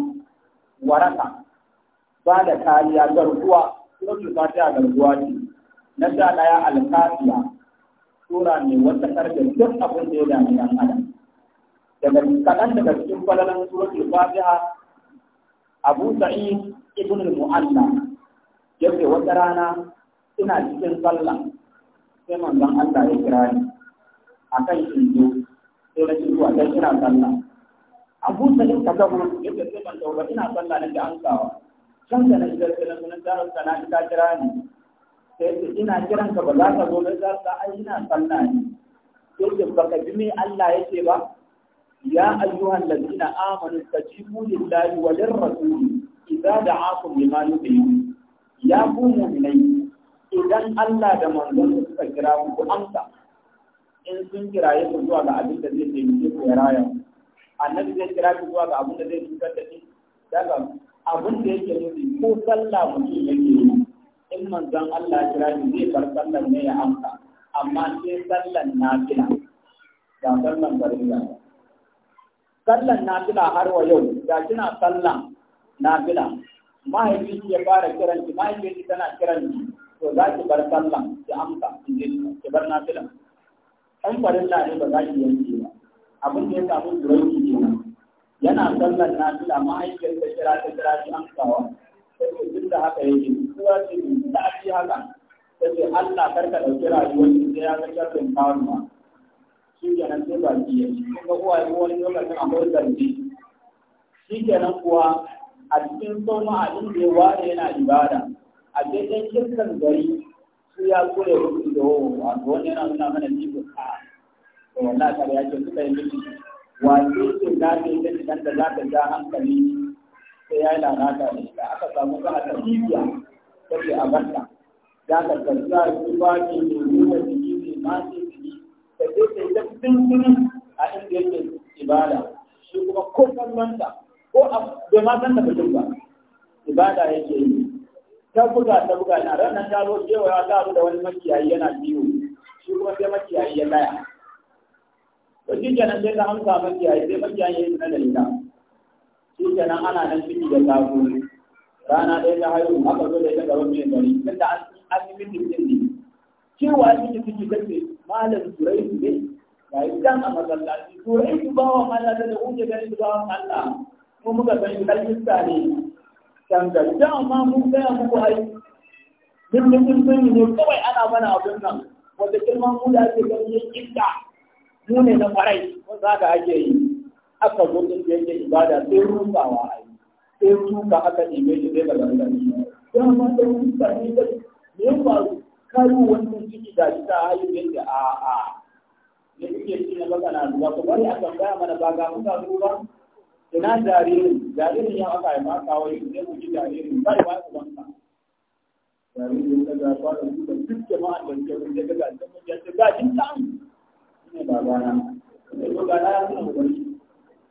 waraka ba da kariya garkuwa suratul ta garkuwa ce na sha ɗaya alkafiya sura ne wata karfe duk abin da ya dami ɗan adam daga kaɗan daga cikin falalan suratul fatiha abu sa'id ibn al-mu'alla yace wata rana ina cikin sallah sai manzon Allah ya kira ni akan shindu sai na shigo a dan ina sallah abu sa'id ka ga mun yace sai ban daura ina sallah nake ansawa can da na shiga cikin sunan darar sana ta kira ni sai ina kiran ka ba za ka zo na za ka ai ina sallah ne yake baka ji me Allah yake ba ya ayyuhan ladina amanu tajibu lillahi wa lirrasuli idza da'akum lima yuhyikum ya ku mu'minai idan Allah da manzon suka kira ku amsa in sun kiraye ku zuwa ga abin da zai taimake ku ya raya annabi zai kira ku zuwa ga abin da zai cutar da shi daga abin da yake nufi ko sallah mutum yake yi in manzon Allah kira ni zai bar sallan ne ya amsa amma sai sallan nafila ga sallan farilla sallan nafila har wa yau ga kina sallan nafila mahaifi ya fara kiran ki mahaifi tana kiran ki to za ki bar sallan ki amsa ki je ki bar nafila in farilla ne ba za ki yanke ba abin da ya samu durai ki kenan yana sallan nafila mahaifiyar ta kira ta kira ki amsawa duk da haka yake kuwa ce duk da ake haka ta ce Allah karka ɗauki rayuwar ki sai ya ga sharrin kawon ma shi kenan sai ba ki yi kun ga uwa yi wani lokacin akwai zarge shi kenan kuwa a cikin soma a inda ya ware yana ibada a daidai kirkan gari su ya kure hudu da wowo, wato wani yana nuna mana jibin a da wannan kare ya ce suka yi miki wato ce za ta yi ta da za ka ja hankali sai ya yi lalata da ita aka samu ba a tafiya take a barka za ka karsa ruwa ne domin da jiki ne ma ce jiki ka je ta yi ta tuntuni a inda yake ibada shi kuma ko kallonta ko a bai ma san da ba ibada yake yi ta buga ta buga na ranar ta zo cewa ta abu da wani makiyayi yana biyu shi kuma sai makiyayi ya laya to shi kenan sai ta amsa makiyayi sai makiyayi ya yi na da ita shi kenan ana nan ciki da sako rana ɗaya ta haihu aka zo da ita gaban mai gari tunda an asibiti din ne cewa ciki ciki kace malam turai su ne ga idan a masallaci turai su ba wa Allah da wuce gani su ba wa Allah mu muka san kalkista ne can gari dan amma mun gaya muku ai duk mutum sun yi ne kawai ana mana abin nan wata kirman mu da ake gani ya kinta mu ne na farai wanda haka ake yi aka zo da ke yake ibada sai rusawa a yi sai tuka aka ɗebe shi zai gaba da shi ya ma da rusa ne da ne ba karu wannan ciki da shi ta ne da a a ne kuke shi na baka na zuwa ko bari a baya mana ba ga kuka ruwa ina jaririn jaririn ya aka yi ma kawo yi ne mu ji jaririn ba ba ban wanka jaririn da ga fara da su da duk jama'a da ke da ga da mun ya ce ga jin ta ne babana ne ko ga na ya nuna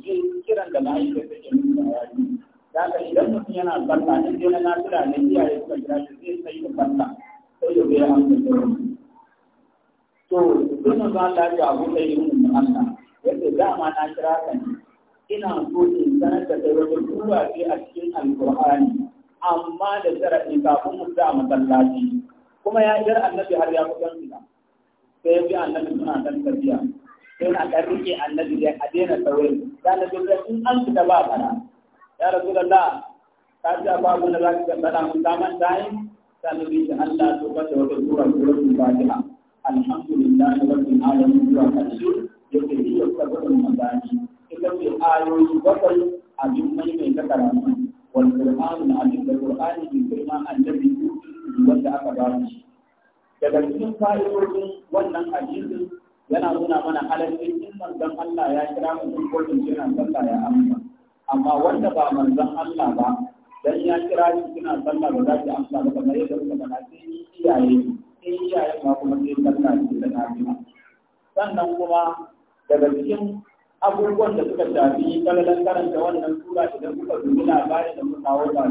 fahimci kiran da ma'aikata take nuna da haka idan mutum yana sallah in dai na nafila ne iyaye suka kira shi zai sai da sallah sai da bai amsa kiran to duk mun ba Allah ya abu sai yin Allah yadda dama na kira ka ne ina so in sanar da kai wajen tura a cikin alkur'ani amma da sharaɗi kafin mu sa masallaci kuma ya jira annabi har ya kusan fita sai ya bi annabi suna kan tafiya sai na ɗan rike annabi ya a daina saurin ya na jirgin sun an fita ba bana ya rasu da Allah ka ji ababu da za ka faɗa mun saman tayi ta nabi da Allah to ba ta wata sura suratul fatiha alhamdulillahi rabbil alamin wa kashi yake yi ya saba da mazani ita ce ayoyi bakwai a duk mai mai ta karatu wal qur'anu alim da qur'ani bi girma annabi wanda aka ba shi daga cikin fa'idodin wannan addinin. yana nuna mana halarci in manzan Allah ya kira mutum ko in kira sallah ya amsa amma wanda ba manzan Allah ba dan ya kira shi kina sallah ba za ki amsa ba kamar yadda kuka faɗa sai iyaye sai iyaye ma kuma sai sallah ce da nafila sannan kuma daga cikin abubuwan da suka shafi kalalan karanta wannan sura idan kuka dubi labarin da muka kawo ba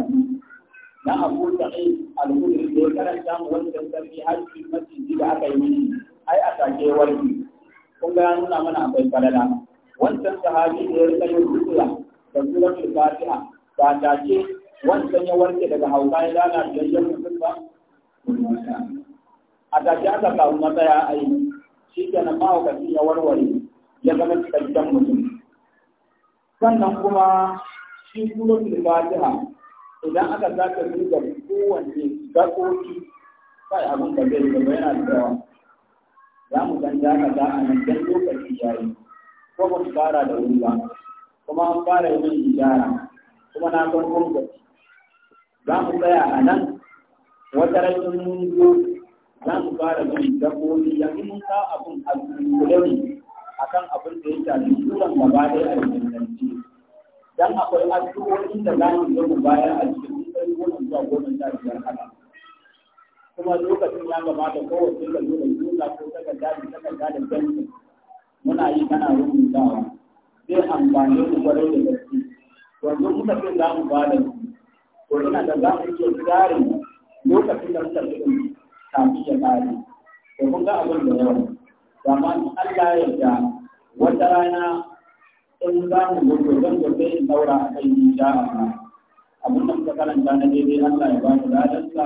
na Abu da ai khudri da ya karanta mu wannan sarki har shi masjidi da aka yi mini ai a take warki kun ga nuna mana akwai falala wancan sahabi da ya rika yin rukuya da suratul fatiha ba ta ce wancan ya warke daga hauka ya lana da yan mutum ba a ta take aka samu matsaya a yi shi kenan mahaukaci ya warware ya zama cikakken mutum sannan kuma shi suratul fatiha idan aka sake duba kowanne gaɓoɓi kai abin da zai zama yana da yawa za mu ka za a nan dan lokaci yi ko ba fara da wuri kuma an fara yin ijara kuma na san gwamnati za mu tsaya a nan wata rashin mun zo za mu fara yin dabbobi yi mun sa abin a kan akan abin da ya shafi turan gaba ɗaya a jinnanci dan akwai addu'o'in da za mu zo mu bayar a cikin wannan zuwa goma sha biyar haka kuma lokacin ya gabata kowace ka zo da tuta ko takarda da takarda da fenti muna yi kana rubutawa zai amfani da kwarai da gaske yanzu kuka ce za mu ba da su to ina da za mu iya tsarin lokacin da muka fi kafin ya kare to mun ga abin da yawa amma Allah ya yarda wata rana in za mu gudu don gobe in daura a kai insha Allah abin da muka karanta na daidai Allah ya ba mu ladansa